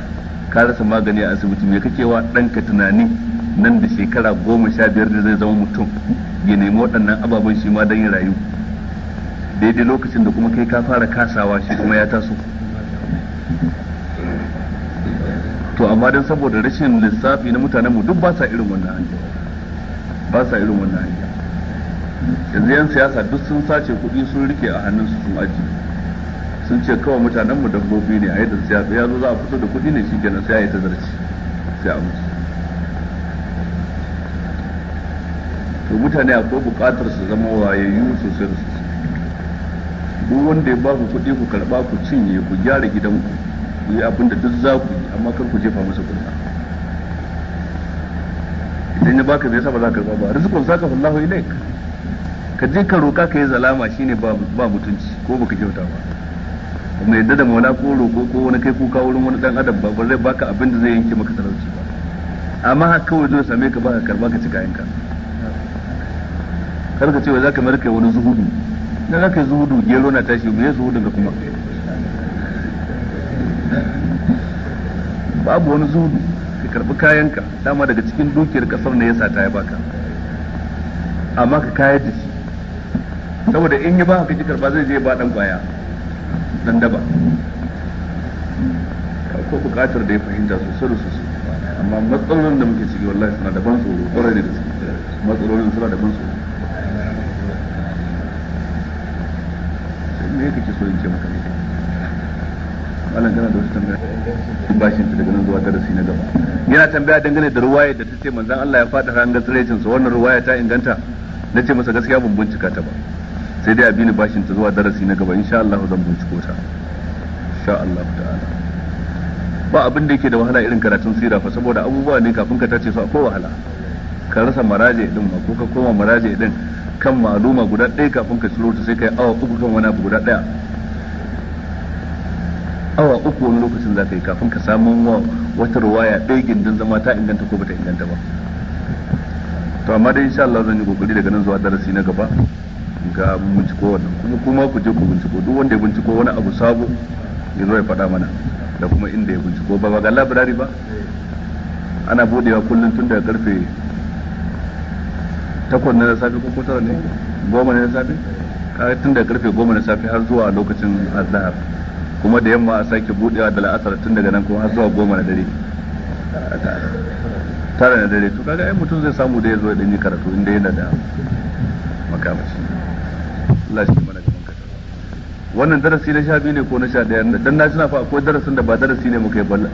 ka rasa magani a asibiti me kake wa ka tunani nan da shekara goma sha biyar da zai zama mutum ya nemi waɗannan ababen shi ma don yin rayu daidai lokacin da kuma kai ka fara kasawa shi kuma ya taso to amma don saboda rashin lissafi na mutanen mu duk ba sa irin wannan hanya ba sa irin wannan hanya yanzu yan siyasa duk sun sace kuɗi sun rike a hannun su sun aji sun ce kawai mutanen mu dabbobi ne a yadda siyasa ya zo za a fito da kuɗi ne shi kenan sai a yi ta zarci sai a mutu to mutane akwai buƙatar su zama wayayyu sosai da sosai duk wanda ya ba ku kuɗi ku karɓa ku cinye ku gyara gidanku ku yi abin da duk za ku yi amma kar ku jefa masa kuɗi. idan ya baka zai saba za ka karɓa ba za ka fallahu ilaik ka je ka roƙa ka yi zalama shine ba ba mutunci ko baka kyauta ba kuma yadda da mauna ko roƙo ko wani kai kuka wurin wani dan adam ba zai baka abin da zai yanke maka talauci ba amma kawai zai same ka baka karɓa ka ci ka kar ka ce wai zaka kai wani zuhudu na zaka zuhudu gero na tashi me zuhudu daga kuma babu wani zuhudu ka karbi kayanka dama daga cikin dukiyar kasar ne ya sata ya baka amma ka kayar da shi saboda in yi ba haka ji karba zai je ba dan kwaya dan daba ko bukatar da ya fahimta sosai da sosai amma matsalolin da muke ciki wallahi suna daban tsoro kwarai da gaske matsalolin suna daban tsoro me kake so in ce maka ne malam da wasu tambaya bashin ta daga nan zuwa darasi na gaba yana tambaya dangane da ruwaya da ta ce manzon Allah ya fada ran gatsirecin su wannan ruwaya ta inganta na ce masa gaskiya ban bincika ta ba sai dai abini bashin ta zuwa darasi na gaba insha Allah zan binciko ta insha Allah ta'ala ba abin da yake da wahala irin karatun sira fa saboda abubuwa ne kafin ka tace su akwai wahala ka rasa maraje din ma ko ka koma maraje din kan maluma guda ɗaya kafin ka shiro ta sai kai awa uku kan wani abu guda ɗaya awa uku wani lokacin za ka yi kafin ka samu wata ruwaya ɗaya gindin zama ta inganta ko bata inganta ba to amma dai insha Allah zan yi kokari daga nan zuwa darasi na gaba ga binciko wannan kuma kuma ku je ku binciko duk wanda ya binciko wani abu sabo ya zo ya faɗa mana da kuma inda ya binciko ba ba ga labirari ba ana budewa kullum tun daga karfe takwas na safe ko kusa ne goma na safe tun da karfe goma na safe har zuwa lokacin azhar kuma da yamma a sake budewa da la'asar tun daga nan kuma har zuwa goma na dare Tare na dare to kaga ai mutum zai samu da ya zo dan yi karatu inda yana da makamashi Allah shi mana gaban kasa wannan darasi na sha biyu ne ko na sha daya dan na tuna fa akwai darasin da ba darasi ne muka yi balla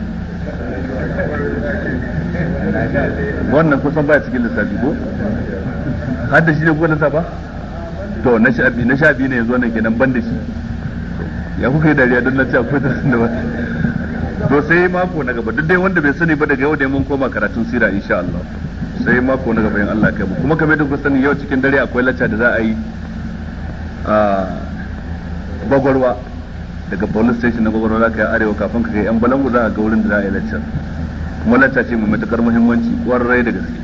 wannan kusan baya cikin lissafi ko har da shi ne kuka ba to na sha biyu na sha biyu ne yanzu wannan kenan ban da shi ya kuka yi dariya don na ce akwai tasirin da ba to sai mako na gaba duk dai wanda bai sani ba daga yau dai mun koma karatun sira insha Allah sai mako na gaba in Allah kai mu kuma kamar da kuka sani yau cikin dare akwai lacca da za a yi a bagwarwa daga police station na gwagwarwa za ka yi arewa kafin ka kai yan balangu za a ga wurin da za a yi lacca kuma lacca ce mai matukar muhimmanci kwarai da gaske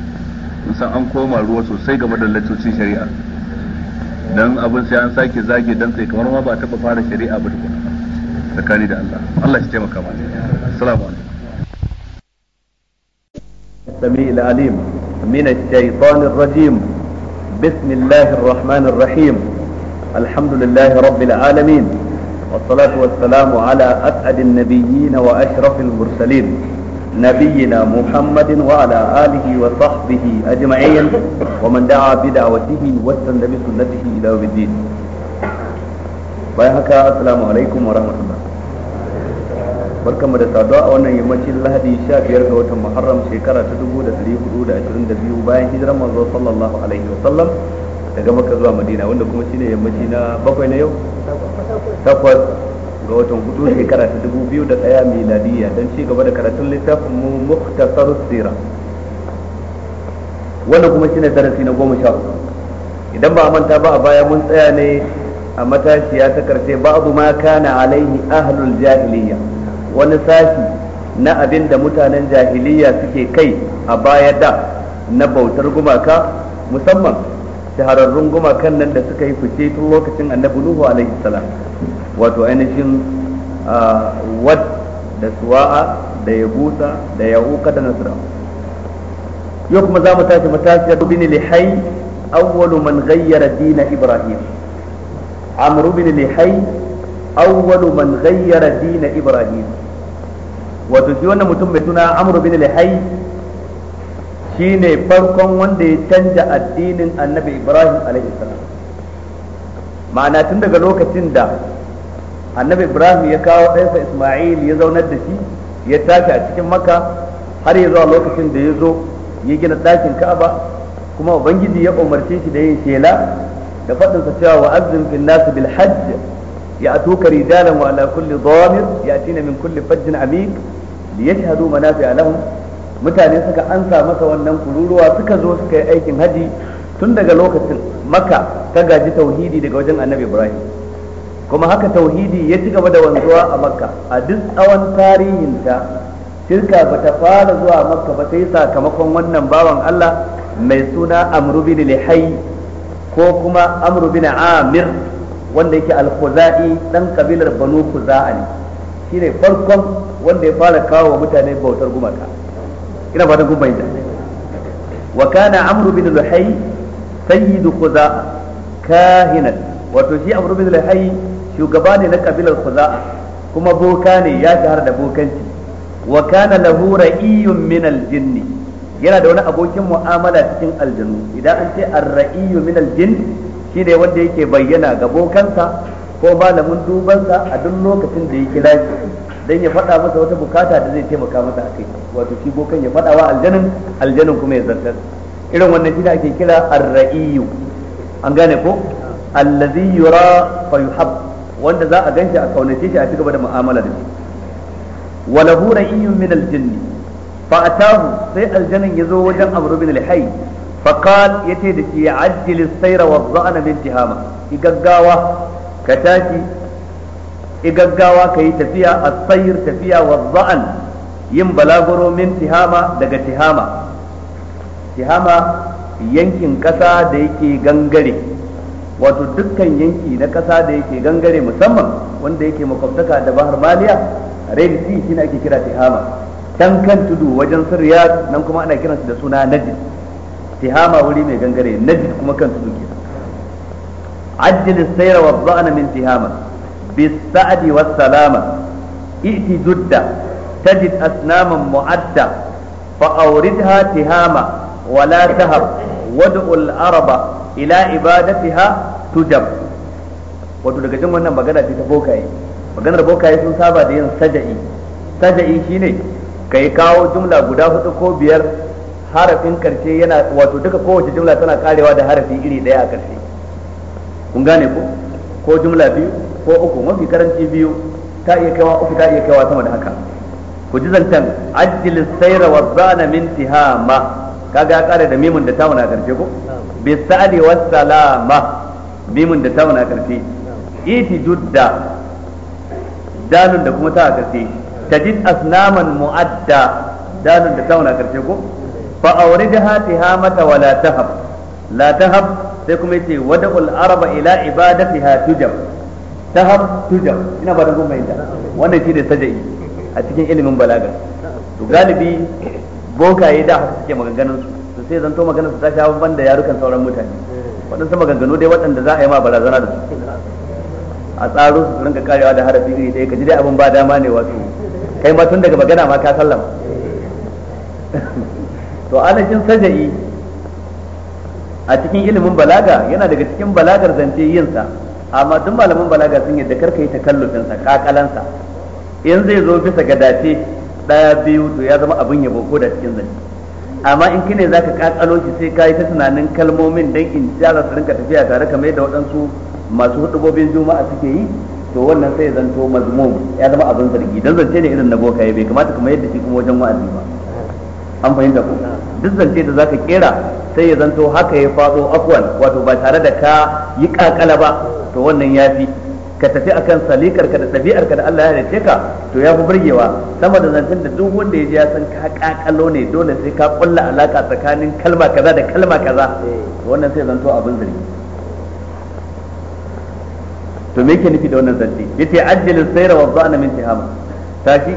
kusan an koma ruwa sosai game da laccocin shari'a dan abin sai an sake zage dan sai kamar ma ba taba fara shari'a ba tukuna tsakani da Allah Allah shi taimaka mana assalamu alaikum السميع العليم من الشيطان rajim بسم الله الرحمن الرحيم الحمد لله رب العالمين والصلاة والسلام على أسعد النبيين وأشرف المرسلين نبينا محمد وعلى آله وصحبه أجمعين ومن دعا بدعوته واستنى بسنته إلى يوم الدين بايهك السلام عليكم ورحمة الله barkamu da saduwa a wannan yammacin lahadi biyar ga watan muharram shekara ta biyu bayan hijirar manzo sallallahu alaihi wa sallam daga makka zuwa madina wanda kuma shine yammaci na bakwai na yau takwas ga watan hudu shekara ta dubu biyu da ɗaya miladiyya don ci gaba da karatun littafin mu muktasar sira wanda kuma shine darasi na goma sha uku idan ba a manta ba a baya mun tsaya ne a matashiya ta karshe abu ma kana alaihi ahlul jahiliya wani sashi na abin da mutanen jahiliya suke kai a baya da na bautar gumaka musamman shahararrun gumakan nan da suka yi fice tun lokacin annabi nuhu alaihi salam wato ainihin wad da suwa'a da yabusa da uka da nasra yau kuma za mu tashi matashiyar bin lihai awwalu man gayyara dina ibrahim amr bin lihai awwalu man gayyara dina ibrahim wato shi wannan mutum mai suna amr bin lihai shine farkon wanda ya canja addinin annabi ibrahim alaihi salam ma'ana tun daga lokacin da annabi ibrahim ya kawo ɗansa isma'il ya zaunar da shi ya tashi a cikin maka har ya zuwa lokacin da ya zo ya gina ɗakin ka'aba kuma ubangiji ya umarce shi da yin shela da faɗinsa cewa wa'azin azzin fil nas bil hajj ya kari rijalan wa ala kulli dhamir atina min kulli fajjin amik yashhadu manafi'a lahum mutane suka ansa masa wannan kururuwa suka zo suka yi aikin haji tun daga lokacin maka ta gaji tauhidi daga wajen annabi ibrahim kuma haka tauhidi ya ci gaba da wanzuwa a makka a duk tsawon tarihinta shirka ba ta fara zuwa makka ba sai sakamakon wannan bawan Allah mai suna amru bin lihai ko kuma amru bin amir wanda yake alkuza'i dan kabilar banu khuza'a ne shine farkon wanda ya fara kawo mutane bautar gumaka ina fatan kun bayyana wa kana amru bin lihai sayyidu khuza'a kahinan wato shi amru bin lihai shugaba ne na kabilar kuzaa kuma boka ne ya shahara da bokanci wa kana lahu ra'iyyun min al-jinn yana da wani abokin mu'amala cikin aljanu idan an ce ar-ra'iyyu min al-jinn shine wanda yake bayyana ga bokansa ko malamin dubansa a duk lokacin da ya kira shi dan ya fada masa wata bukata da zai taimaka masa akai wato shi bokan ya faɗa wa aljanin aljanin kuma ya zartar irin wannan shi da ake kira ar-ra'iyyu an gane ko allazi yura fa yuhab wanda za a ganshi a kaunace shi a gaba da mu'amala da shi walahu ra'iyyun min al-jinn fa atahu sai aljanin yazo wajen amru bin al-hayy fa qal yace da shi ajjil as-sayra wa dha'na min tihama igaggawa ka tashi igaggawa ka yi tafiya as-sayr tafiya wa dha'an yin balaguro min tihama daga tihama tihama yankin kasa da yake gangare wato dukkan yanki na kasa da yake gangare musamman wanda yake makwabtaka da bahar maliya red sea shine ake kira tihama can kan tudu wajen sirriya nan kuma ana kiransu da suna najid tihama wuri mai gangare najid kuma kan tudu ke. ajjil sayra wa dha'na min tihama bis sa'di was salama i'ti judda tajid asnaman mu'adda fa awridha tihama wala tahab wad'u al-araba ila ibadatiha tujab wato daga jin wannan magana ce ta bokaye maganar bokaye sun saba da yin saja'i saja'i shine kai kawo jumla guda hudu ko biyar harafin karshe yana wato duka kowace jumla tana karewa da harafi iri daya a karshe kun gane ko ko jumla biyu ko uku mafi karanci biyu ta iya kaiwa uku ta iya kaiwa sama da haka ku ji zancen ajil sayra wa zana min tihama kaga ya kare da mimun da tawuna karshe ko bi sa'ali wa salama bimun da tawun a karfe iti judda dalun da kuma ta a karfe ta tajid asnaman mu'adda dalun da tawun a karfe ko fa a awridaha tihamata mata wa la tahab sai kuma yace wad'ul araba ila ibada ibadatiha tujab tahab tujab ina ba da gumma inda wannan shine sajai a cikin ilimin balaga to galibi bokaye da haka suke maganganun su to sai zanto maganar su ta sha banda yarukan sauran mutane waɗansu maganganu dai waɗanda za a yi ma barazana da su a tsaro su rinka karewa da harafi iri ɗaya ka dai abin ba dama ne wato kai ma tun daga magana ma ka sallama to anashin saja'i a cikin ilimin balaga yana daga cikin balagar zance yin sa amma duk malamin balaga sun yadda ka yi takallufin sa kakalan kakalansa in zai zo bisa ga dace ɗaya biyu to ya zama abin yabo ko da cikin zance amma in kine zaka kakalo shi sai yi ta tunanin kalmomin dan in jara su rinka tafiya tare kamar yadda waɗansu masu hudubobin juma'a suke yi to wannan sai zanto mazmum ya zama abin zargi dan zance ne irin na boka bai kamata kamar yadda shi kuma wajen wa'azi ba an fahimta ko duk zance da zaka kera sai ya zanto haka ya fado afwan wato ba tare da ka yi kakala ba to wannan yafi ka tafi akan salikar ka da ɗabi'ar ka da Allah ya rike ka to ya fi burgewa sama da zancen da duk wanda ya ji ya san ka kakalo ne dole sai ka kulla alaka tsakanin kalma kaza da kalma kaza wannan sai zanto abin zargi to me yake nufi da wannan zance yace ajjalus sayra wa dhana min tihama tashi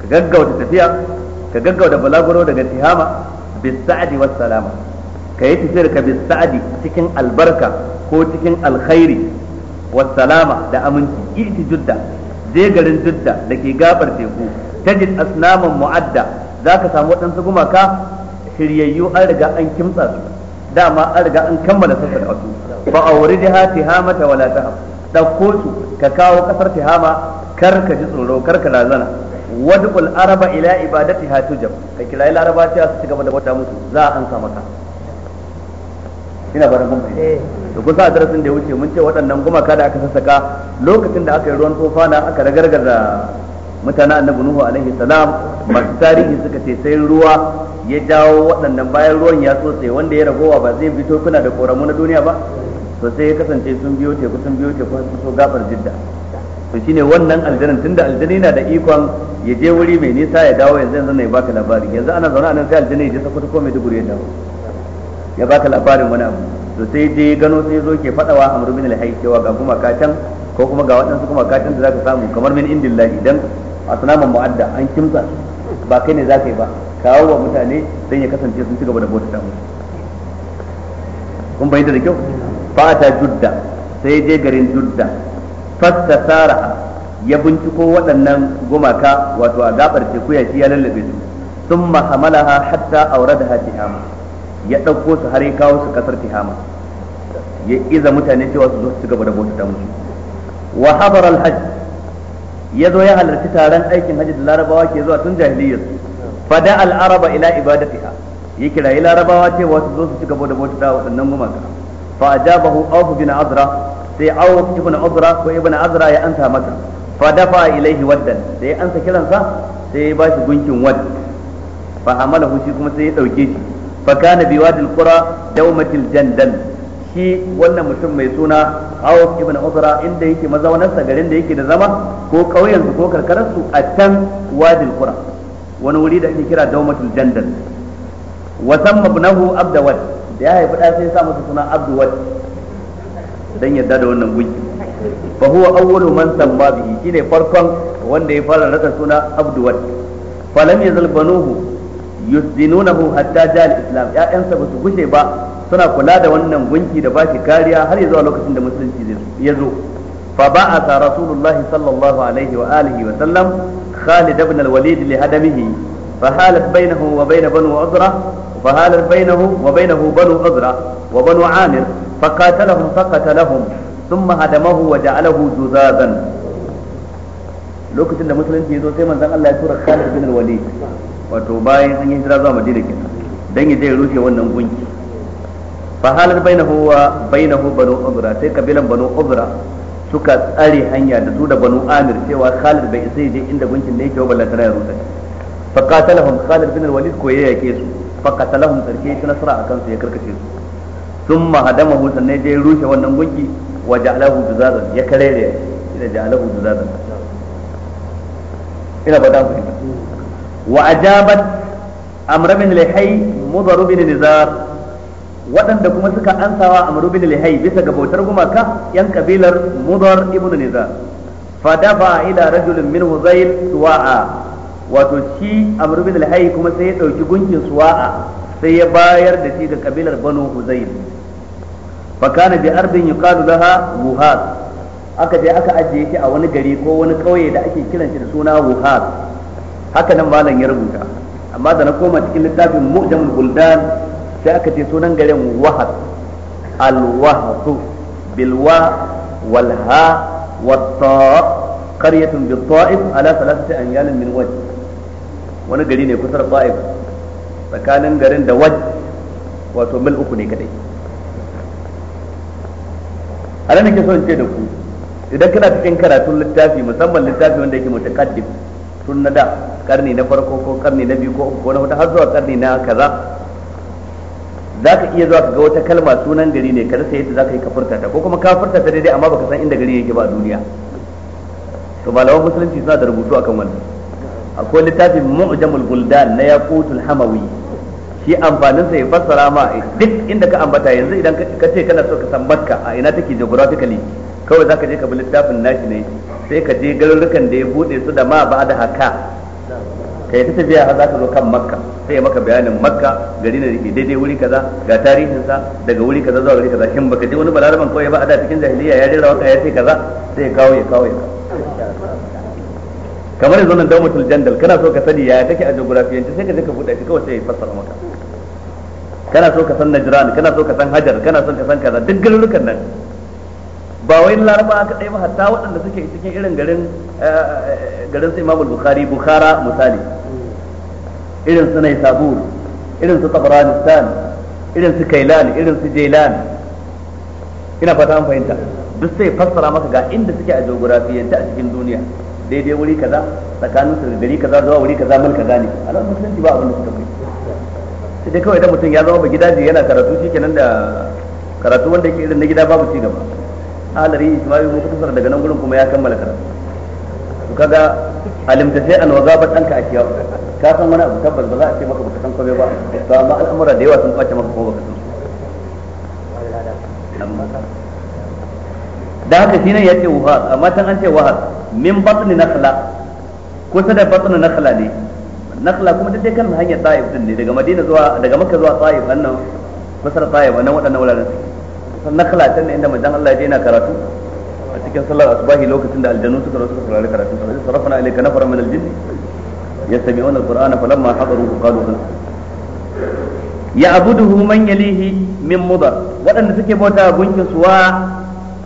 ka gaggauta tafiya ka gaggauta balaguro daga tihama bis sa'di was salama ka yi tafiyar ka bis sa'di cikin albarka ko cikin alkhairi wassalama da aminci iti judda je garin judda da ke gabar teku tajid asnaman mu'adda zaka samu waɗansu gumaka shiryayyu an riga an kimtsa su dama an riga an kammala sassaka su fa awridha tihamata wala tahab dauko su ka kawo kasar tihama kar ka ji tsoro kar ka razana wad'ul araba ila ibada tujab ka kira laraba ta su ci gaba da wata musu za a ansa maka ina ba da mun da kusa a darasin da ya wuce mun ce waɗannan gumaka da aka sassaka lokacin da aka yi ruwan na aka ragargaza mutanen annabi nuhu alaihi salam masu tarihi suka ce sai ruwa ya jawo waɗannan bayan ruwan ya tsotse wanda ya ragowa ba zai bito kuna da koramu na duniya ba to sai ya kasance sun biyo teku sun biyo teku sun so gafar jidda to shine wannan aljanin tunda aljani na da ikon ya je wuri mai nisa ya dawo yanzu yanzu ne baka labari yanzu ana zaune a nan sai aljani ya je sakwato ko mai duguri ya dawo ya baka labarin wani abu to sai dai gano sai zo ke fadawa amr min al-hayy cewa ga kuma katan ko kuma ga waɗansu kuma katan da zaka samu kamar min indillahi dan asnaman mu'adda an kimsa ba kai ne zaka yi ba kawo wa mutane dan ya kasance sun ci gaba da bauta musu kun bayyana da kyau fata judda sai je garin judda fastasara ya binciko waɗannan gumaka wato a gabar teku ya shi ya lallabe su sun mahamalaha hatta auradaha tihama ya ɗauko su har ya kawo su kasar tihama ya iza mutane cewa su zo su gaba da bauta musu wa habar alhajj ya zo ya halarci taron aikin hajji da larabawa ke zuwa tun jahiliyyar fada al'araba ila ibadatiha ya kirayi larabawa cewa su zo su ci gaba da bauta waɗannan gumaka fa ajabahu awf bin azra sai awf ibn azra ko ibn azra ya ansa masa fa dafa ilaihi waddan sai ya ansa kiransa sai ya bashi gunkin wadda fa amalahu shi kuma sai ya ɗauke shi fakana biwadi alqura dawmatil jandal shi wannan mutum mai suna Awf ibn Uzra inda yake mazaunarsa garin da yake da zama ko kauyen su ko karkarar su a can wadil qura wani wuri da ake kira dawmatul jandal wa samma ibnahu da ya haifi da sai ya sa masa suna abdawat dan yadda da wannan gunki fa huwa man samma bihi shine farkon wanda ya fara rasa suna abdawat falam yazal banuhu yuzzinunahu hatta ja al-islam ƴaƴansa ba su gushe ba suna kula da wannan gunki da bashi kariya har zuwa lokacin da musulunci ya zo fa ba'atha rasulullahi sallallahu alaihi wa alihi wa sallam Khalid ibn al-Walid li hadamihi fa halat bainahu wa bain banu Azra wa bainahu banu fa qatalahum fa qatalahum thumma hadamahu lokacin da musulunci ya zo sai manzon Allah ya tura Khalid wato bayan an yi hijira zuwa madina kenan dan ya je ya rushe wannan gunki fa halar bainahu wa bainahu banu uzra sai kabilan banu uzra suka tsare hanya da su da banu amir cewa Khalid bai isa je inda gunkin da yake wa ballata ya rusa fa qatalahum Khalid bin al-Walid ko ya yake su fa qatalahum sarki shi nasara akan su ya karkace su thumma hadamahu sannan je rushe wannan gunki wa ja'alahu juzazan ya karere da ja'alahu juzazan ina ba da fahimta wa ajabat amr bin lihay nizar waɗanda kuma suka ansawa amr bin bisa ga bautar gumaka yan kabilar mudar ibn nizar fa dafa ila rajulin min huzayl suwa'a wato shi amr bin kuma sai ya dauki gunkin suwa'a sai ya bayar da shi ga kabilar banu huzayl fa kana bi ardin yuqalu laha wuhas aka je aka ajiye shi a wani gari ko wani ƙauye da ake kiran shi da suna wuhas haka nan malam ya rubuta amma da na koma cikin littafin mu'jamul buldan sai aka ce sunan garin wahab al wahab bil wa wal ha wat ta qaryatun bi ta'if ala thalathati anyal min waj wani gari ne kusa da ta'if tsakanin garin da waj wato mil uku ne kadai a nan nake so in ce da ku idan kana cikin karatun littafi musamman littafi wanda yake mutaqaddim tun na da karni na farko ko karni na biyu ko uku ko na hudu har zuwa karni na kaza za ka iya zuwa ka ga wata kalma sunan gari ne ka rasa yadda za ka yi kafurta ta ko kuma kafurta ta daidai amma baka san inda gari yake ba a duniya to malaman musulunci suna da rubutu akan wannan akwai littafin mu'jamul buldan na yaqutul hamawi shi amfanin sa ya fassara ma duk inda ka ambata yanzu idan ka ce kana so ka san makka a ina take geographically kawai zaka je ka bi littafin nashi ne sai ka je garurukan da ya bude su da ma ba da haka kai ta tafiya har zaka zo kan makka sai ya maka bayanin makka gari ne dake daidai wuri kaza ga tarihin sa daga wuri kaza zuwa wuri kaza kin baka je wani balaraban kawai ba a da cikin jahiliya ya rera waka ya ce kaza sai ya kawo ya kawo ya kamar yanzu nan dawmatul jandal kana so ka sani yaya kake a geography sai ka je ka bude shi kawai sai ya fassara maka kana so ka san najran kana so ka san hajar kana so ka san kaza duk garurukan nan ba wai laraba kaɗai ba hatta waɗanda suke cikin irin garin eh, eh, garin sai imamul bukhari bukhara misali irin su naisabur irin su tabaranistan irin su kailan irin su jailan ina fata an fahimta duk sai fassara maka ga inda suke a geografiyanta a cikin duniya daidai wuri kaza tsakanin su gari kaza zuwa wuri kaza mulka kaza ne mutum musulunci ba abin da suka kai sai dai kawai da mutum ya zama ba gidaje yana karatu kenan da karatu wanda yake irin na gida babu ci gaba alari ismail ko kusa daga nan gurin kuma ya kammala karatu kaga alimta sai an wazabat anka ashiya ka san wani abu tabbas ba za a ce maka baka san kome ba to amma al'amura da yawa sun kwace maka kuma baka san da haka shi ne ya ce wahal amma can an ce wahal min batni nakhla kusa da batni nakhla ne nakhla kuma duk dai kan hanyar ta'if din ne daga madina zuwa daga makka zuwa ta'if annan masar da ta'if annan waɗannan wuraren suke nakla ne inda manzon Allah ya daina karatu a cikin sallar asbahi lokacin da aljanu suka zo suka saurari karatu sai sarafna ilayka nafara min aljinn yastami'una alqur'ana falamma hadaruhu qalu ya abuduhu man yalihi min mudar waɗanda suke bauta gunkin suwa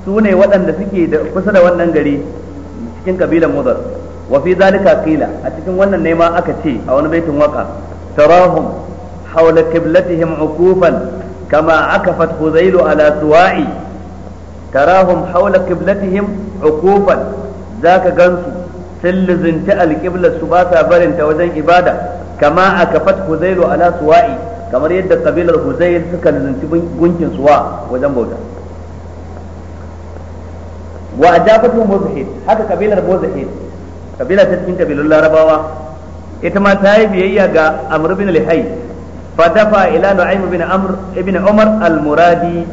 su ne waɗanda suke da kusa da wannan gari cikin kabilan mudar wa fi zalika qila a cikin wannan ne ma aka ce a wani baitin waka tarahum hawla qiblatihim ukufan كما عكفت خزيل على سوائي تراهم حول قبلتهم عقوفا ذاك غنسو سلزنت القبلة سباتا برنت وزن إبادة كما عكفت خزيل على سوائي kamar yadda kabilar Huzayl suka nazanci gunkin suwa wajen bauta wa ajabatu muzahid haka kabilar muzahid kabila ta cikin kabilun larabawa ita ma ta yi biyayya ga amr lihay fadafa ila nu'aym ibn amr ibn umar al-muradi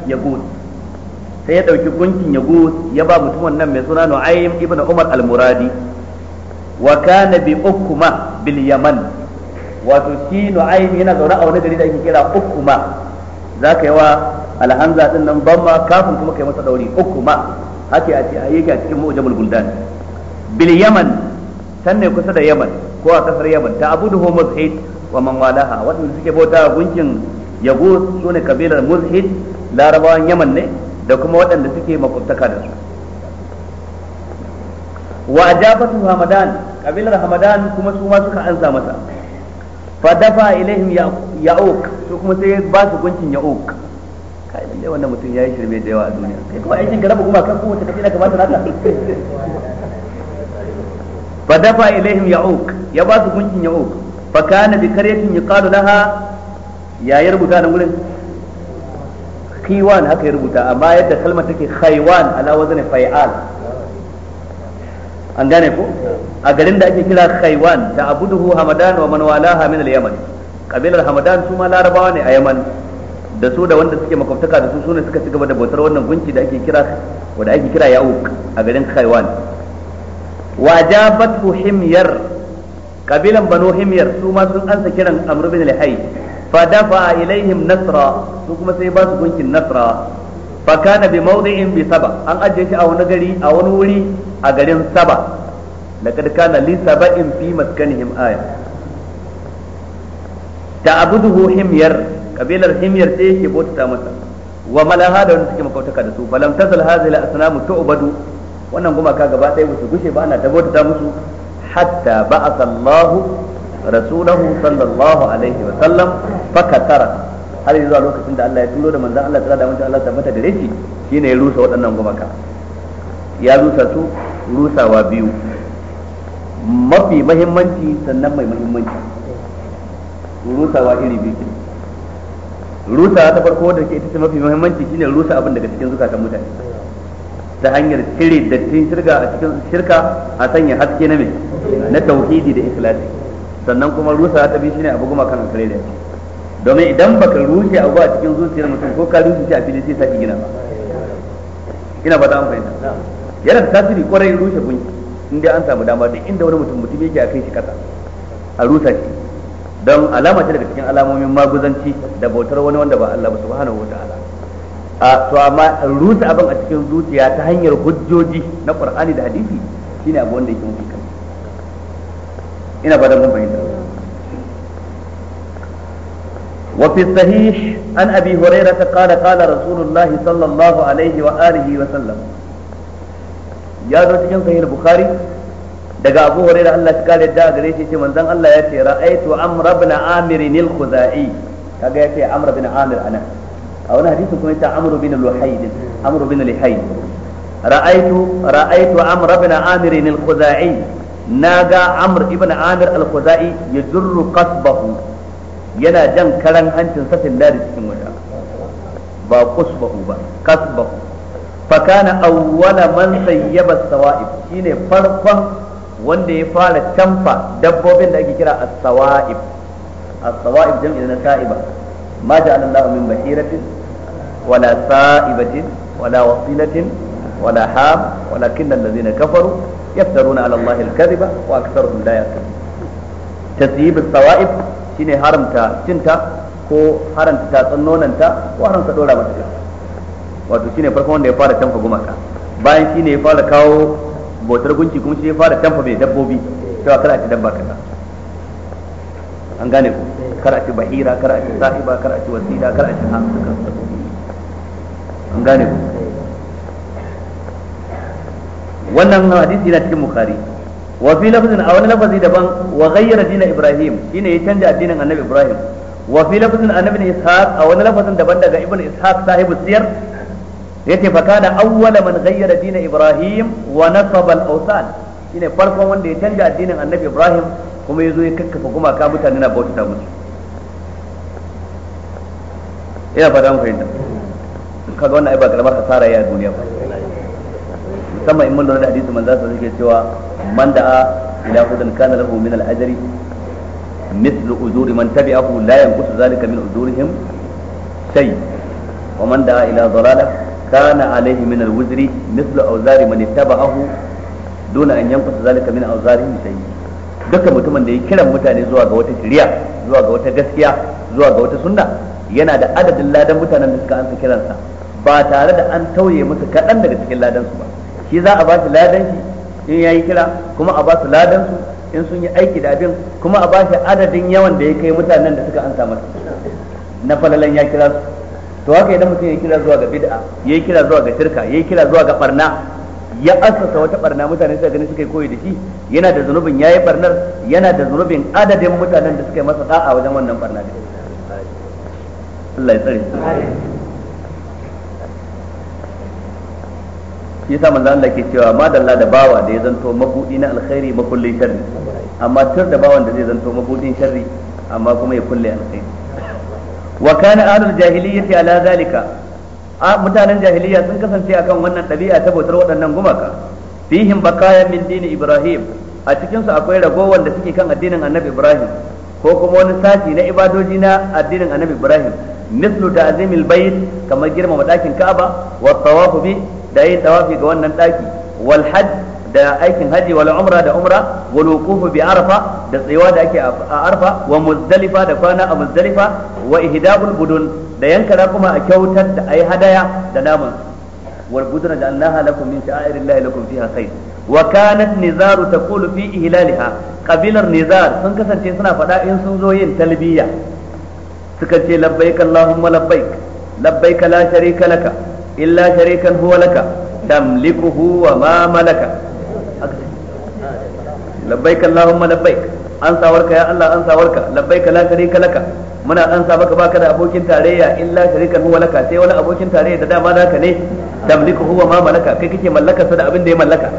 sai ya ɗauki gunkin yaqul ya ba mutumin nan mai suna nu'aym ibn umar al-muradi wa kana bi ukuma bil yaman wato shi nu'aym yana zaune a wani gari da ake kira ukuma zaka yawa alhamza din nan bamma kafin kuma kai masa dauri ukuma hake a ce yake a cikin mu'jamul buldan bil yaman can ne kusa da yaman ko a kasar yaman ta abuduhu muzhid wa man walaha wadanda suke bauta gunkin yago ne kabilar mulhid larabawan yaman ne da kuma waɗanda suke makwabtaka da su wa ajabatu hamadan kabilar hamadan kuma su ma suka ansa masa fa dafa ilaihim ya'uk su kuma sai ba su gunkin ya'uk kai lalle wannan mutum yayi shirme da yawa a duniya kai kuma aikin garaba kuma kan kowace kabila ka kamata nata fa dafa ilaihim ya'uk ya ba su gunkin ya'uk فكان بكرية يقال لها يا laha ya ya rubuta nan gurin khiwan haka ya rubuta amma yadda kalmar take khaywan ala wazni fa'al an gane ko a garin da ake kira khaywan ta abuduhu hamadan wa man walaha hamadan suma larabawa a da su da wanda suke makwabtaka da su sune suka ci gaba da bautar wannan gunki da ake kira wanda ake kira yauk a garin kaiwan. wa himyar kabilan banu himyar su ma sun ansa kiran amr bin al-hayy fa dafa ilaihim nasra su kuma sai ba su gunkin nasra fa kana bi mawdi'in bi saba an ajiye shi a wani gari a wani wuri a garin saba laqad kana li saba'in fi maskanihim aya ta'buduhu himyar kabilar himyar sai yake bauta masa wa malaha da wanda suke makautaka da su falam tasal hadhihi al-asnamu tu'badu wannan gumaka gaba ɗaya ba su gushe ba ana ta bauta musu hatta ba'atha Allah rasulahu sallallahu alaihi wa sallam fakatara har yanzu a lokacin da Allah ya tullo da manzon Allah tsara da manzon Allah tabbata da rashi shine ya rusa waɗannan gumaka ya rusa su rusawa biyu mafi muhimmanci sannan mai mahimmanci rusawa iri biyu rusawa ta farko da ke ita ce mafi muhimmanci shine rusa abin daga cikin zukatan mutane ta hanyar cire dattin shirka a cikin shirka a sanya haske na mai na tauhidi da ikhlasi sannan kuma rusa ta bi shine abu goma kan kare da domin idan baka rushe abu a cikin zuciyar mutum ko ka rushe shi a fili sai saki gina ba ina ba ta amfani fahimta yana da tasiri kwarai rushe gunki inda an samu dama da inda wani mutum mutum yake a kai shi kasa a rusa shi don alama ce daga cikin alamomin maguzanci da bautar wani wanda ba Allah ba subhanahu ta'ala a to amma rusa abin a cikin zuciya ta hanyar hujjoji na qur'ani da hadisi shine abu wanda yake mutum ina ba da mun bayyana fahimta وفي an عن ابي هريره قال قال رسول الله صلى الله عليه wa sallam ya ذو cikin sahih bukhari daga abu hurairah Allah ya kare da gare shi ce manzon Allah ya ce ra'aytu amr ibn amir al-khuzai kaga ya ce amr ibn amir anan a wani hadisin kuma yace amru bin luhayd amru bin luhayd ra'aytu ra'aytu amr ibn amir al-khuzai naga amr ibn amir al-khuzai yajurru qasbahu yana jan karan hancin sa tindari cikin wuta ba qasbahu ba qasbahu fa kana awwala man sayyaba as-sawa'ib shine farkon wanda ya fara tamfa dabbobin da ake kira as-sawa'ib as-sawa'ib jam'i na sa'iba ma ja'ala Allahu min bahiratin wala sa'ibatin wala wasilatin wala ham walakin allazina kafaru yaftaruna ala Allahi al-kadhiba wa aktharuhum la yaqilun tasyib as-sawa'ib haramta cinta ko haramta tatsan nonanta ko haramta dora mata gaskiya wato shine farkon wanda ya fara tamfa gumaka bayan shine ya fara kawo bautar gunki kuma shi ya fara tamfa mai dabbobi cewa kada a ci dabba kaza an gane ku kar a ci bahira kar a ci sa'iba kar a ci wasila kar a ci hamsu kan an gane ku wannan hadisi yana cikin bukhari wa fi lafzin a wani lafazi daban wa ghayyara dinan ibrahim shine ya canja addinin annabi ibrahim wa fi lafzin annabi ishaq a wani lafazin daban daga ibnu ishaq sahibu siyar yace fa kana awwala man ghayyara dinan ibrahim wa nasaba al-awsan shine farkon wanda ya canja addinin annabi ibrahim kuma ya zo ya kakkafa gumaka mutane na bauta musu ina fata mun fahimta kaga wannan ai ba karamar hasara ya duniya ba musamman in mun lura da hadisi manzo sa yake cewa man da'a ila hudan kana lahu min al-ajri مثل أجور من تبعه لا ينقص ذلك من أجورهم شيء ومن دعا إلى ضلالة كان عليه من الوزر مثل أوزار من اتبعه دون أن ينقص ذلك من أوزارهم شيء mutumin da ya kiran mutane zuwa ga wata zuwa ga wata gaskiya zuwa wata sunna yana da adadin ladan mutanen da suka ansa kiransa ba tare da an tauye musu kaɗan daga cikin ladansu ba shi za a ba shi ladan shi in yayi kira kuma a ba su ladan su in sun yi aiki da abin kuma a ba shi adadin yawan da ya kai mutanen da suka ansa masa na falalan ya kira su to haka idan mutum ya kira zuwa ga bid'a ya kira zuwa ga shirka ya kira zuwa ga barna ya asasa wata barna mutane suka gani suka yi koyi da shi yana da zunubin yayi barnar yana da zunubin adadin mutanen da suka yi masa da'a wajen wannan barna da Allah ya tsare shi yasa manzo Allah ke cewa madalla da bawa da ya zanto mabudi na alkhairi makullin sharri amma tar da bawan da zai zanto mabudin sharri amma kuma ya kulle alkhairi wa kana ahlul jahiliyyati ala zalika a mutanen jahiliya sun kasance akan wannan ɗabi'a ta bautar waɗannan gumaka fihim baqaya min dini ibrahim a cikin su akwai ragowar da suke kan addinin annabi ibrahim ko kuma wani sashi na ibadoji na addinin annabi ibrahim mislu ta'zimil bayt kamar girmama dakin ka'aba wa tawafu bi da yin tawafi ga wannan daki wal hajj da aikin haji wal umra da umra wal wuqufu bi arafa da tsayuwa da ake a arfa wa muzdalifa da kwana a muzdalifa wa ihdabul budun da yankara kuma a kyautar da ayi hadaya da naman wal budun da annaha lakum min sha'airillahi lakum fiha khair wa nizaru ta taqulu fi ihlaliha kabilar nizar sun kasance suna faɗa in sun zo yin talbiya suka ce labbaik allahumma labbaik labbaik la sharika laka illa sharikan huwa laka tamlikuhu wa ma malaka labbaik allahumma labbaik an sawarka ya allah muna an baka da abokin tarayya illa sharikan huwa laka sai wani abokin tarayya da dama naka ne tamlikuhu huwa ma malaka kai kake mallaka sa da abin da ya mallaka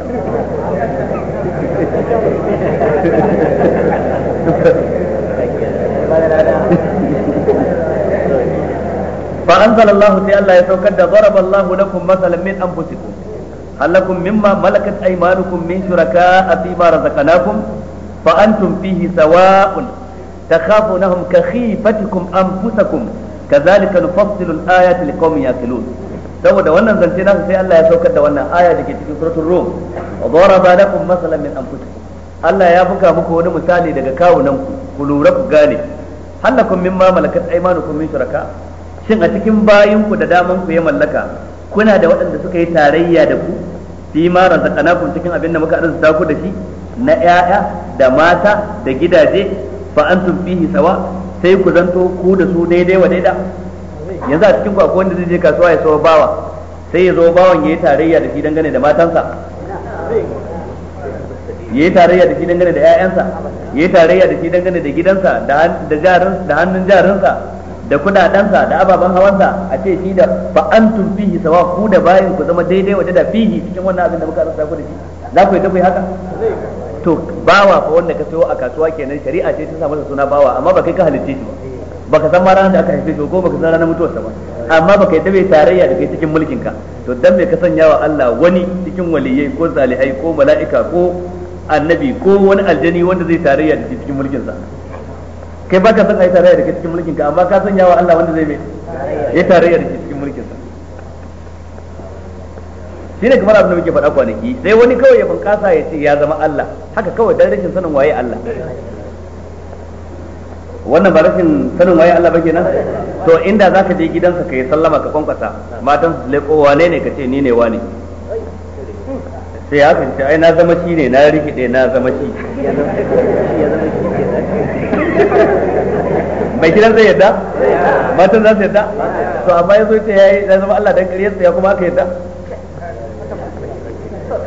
fa anzalallahu sai Allah ya saukar da daraballahu lakum masalan min anfusikum hal lakum mimma malakat aymanukum min shuraka'a fi ma razaqnakum fa antum fihi sawa'un takhafunahum ka khifatikum anfusakum saboda wannan zance nasu sai Allah ya saukar da wannan aya dake cikin suratul rum wa daraba lakum masalan min anfusikum Allah ya buga muku wani misali daga kawunan ku ku lura ku gane halakum mimma malakat aymanukum min shuraka shin a cikin bayin ku da daman ku ya mallaka kuna da waɗanda suka yi tarayya da ku fi ma razaqnakum cikin abin da muka arzuta ku da shi na 'ya'ya da mata da gidaje fa antum fihi sawa sai ku zanto ku da su daidai wa daida yanzu a cikin ku akwai wanda zai je kasuwa ya sayo bawa sai ya zo bawan ya yi tarayya da shi dangane da matansa yayi tarayya da shi dangane da ya yi tarayya da shi dangane da gidansa da hannun jarinsa da kudadansa da ababen hawansa a ce shi da fa fihi sawa ku da bayin ku zama daidai waje da fihi cikin wannan abin da muka rasa ku da shi za ku yi tafi haka to bawa fa wanda ka sayo a kasuwa kenan shari'a ce ta sa masa suna bawa amma ba kai ka halicce shi ba baka san ma ranar da aka haife shi ko baka san ranar mutuwarsa ba amma baka yi bai tarayya da kai cikin mulkin ka to dan me ka sanya wa Allah wani cikin waliyyai ko zalihai ko mala'ika ko annabi ko wani aljani wanda zai tarayya da cikin mulkin sa kai baka san ai tarayya da ke cikin mulkin ka amma ka san yawa Allah wanda zai mai ya tarayya da cikin mulkin sa shi ne kamar abin da muke faɗa kwanaki sai wani kawai ya bunƙasa ya ce ya zama Allah haka kawai dan rashin sanin waye Allah wannan ba rashin sanin waye Allah ba kenan to inda zaka je gidansa ka yi sallama ka kwankwasa matan su leko wane ne ka ce ni ne wane sai ya fahimci ai na zama shi ne na rikide na zama shi mai gidan zai yadda matan za su yadda to amma ya zo ya yi zama Allah dan ƙaryar ya kuma aka yadda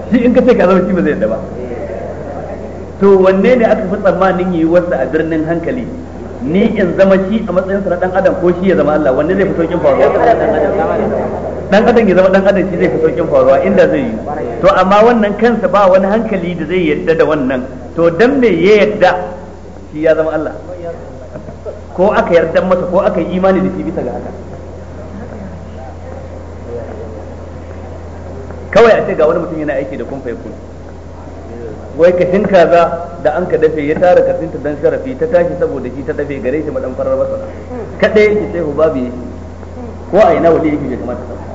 shi in ka ce ka zama shi ba zai yadda ba to wanne ne aka fi tsammanin yi wasa a birnin hankali ni in zama shi a matsayin sa na dan adam ko shi ya zama Allah wanne zai fi saukin faruwa dan adam ya zama dan adam shi zai fi saukin faruwa inda zai yi to amma wannan kansa ba wani hankali da zai yadda da wannan to dan me ya yadda shi ya zama Allah ko aka yarda masa ko aka yi imani da shi bisa ga haka kawai a ce ga wani mutum yana aiki da kun faifun wai kashin kaza da an ka dafe ya tara kasinta dan sharafi ta tashi saboda shi ta dafe gare shi madan farar masa kada yake sai babu ko a ina wali yake bai kamata ba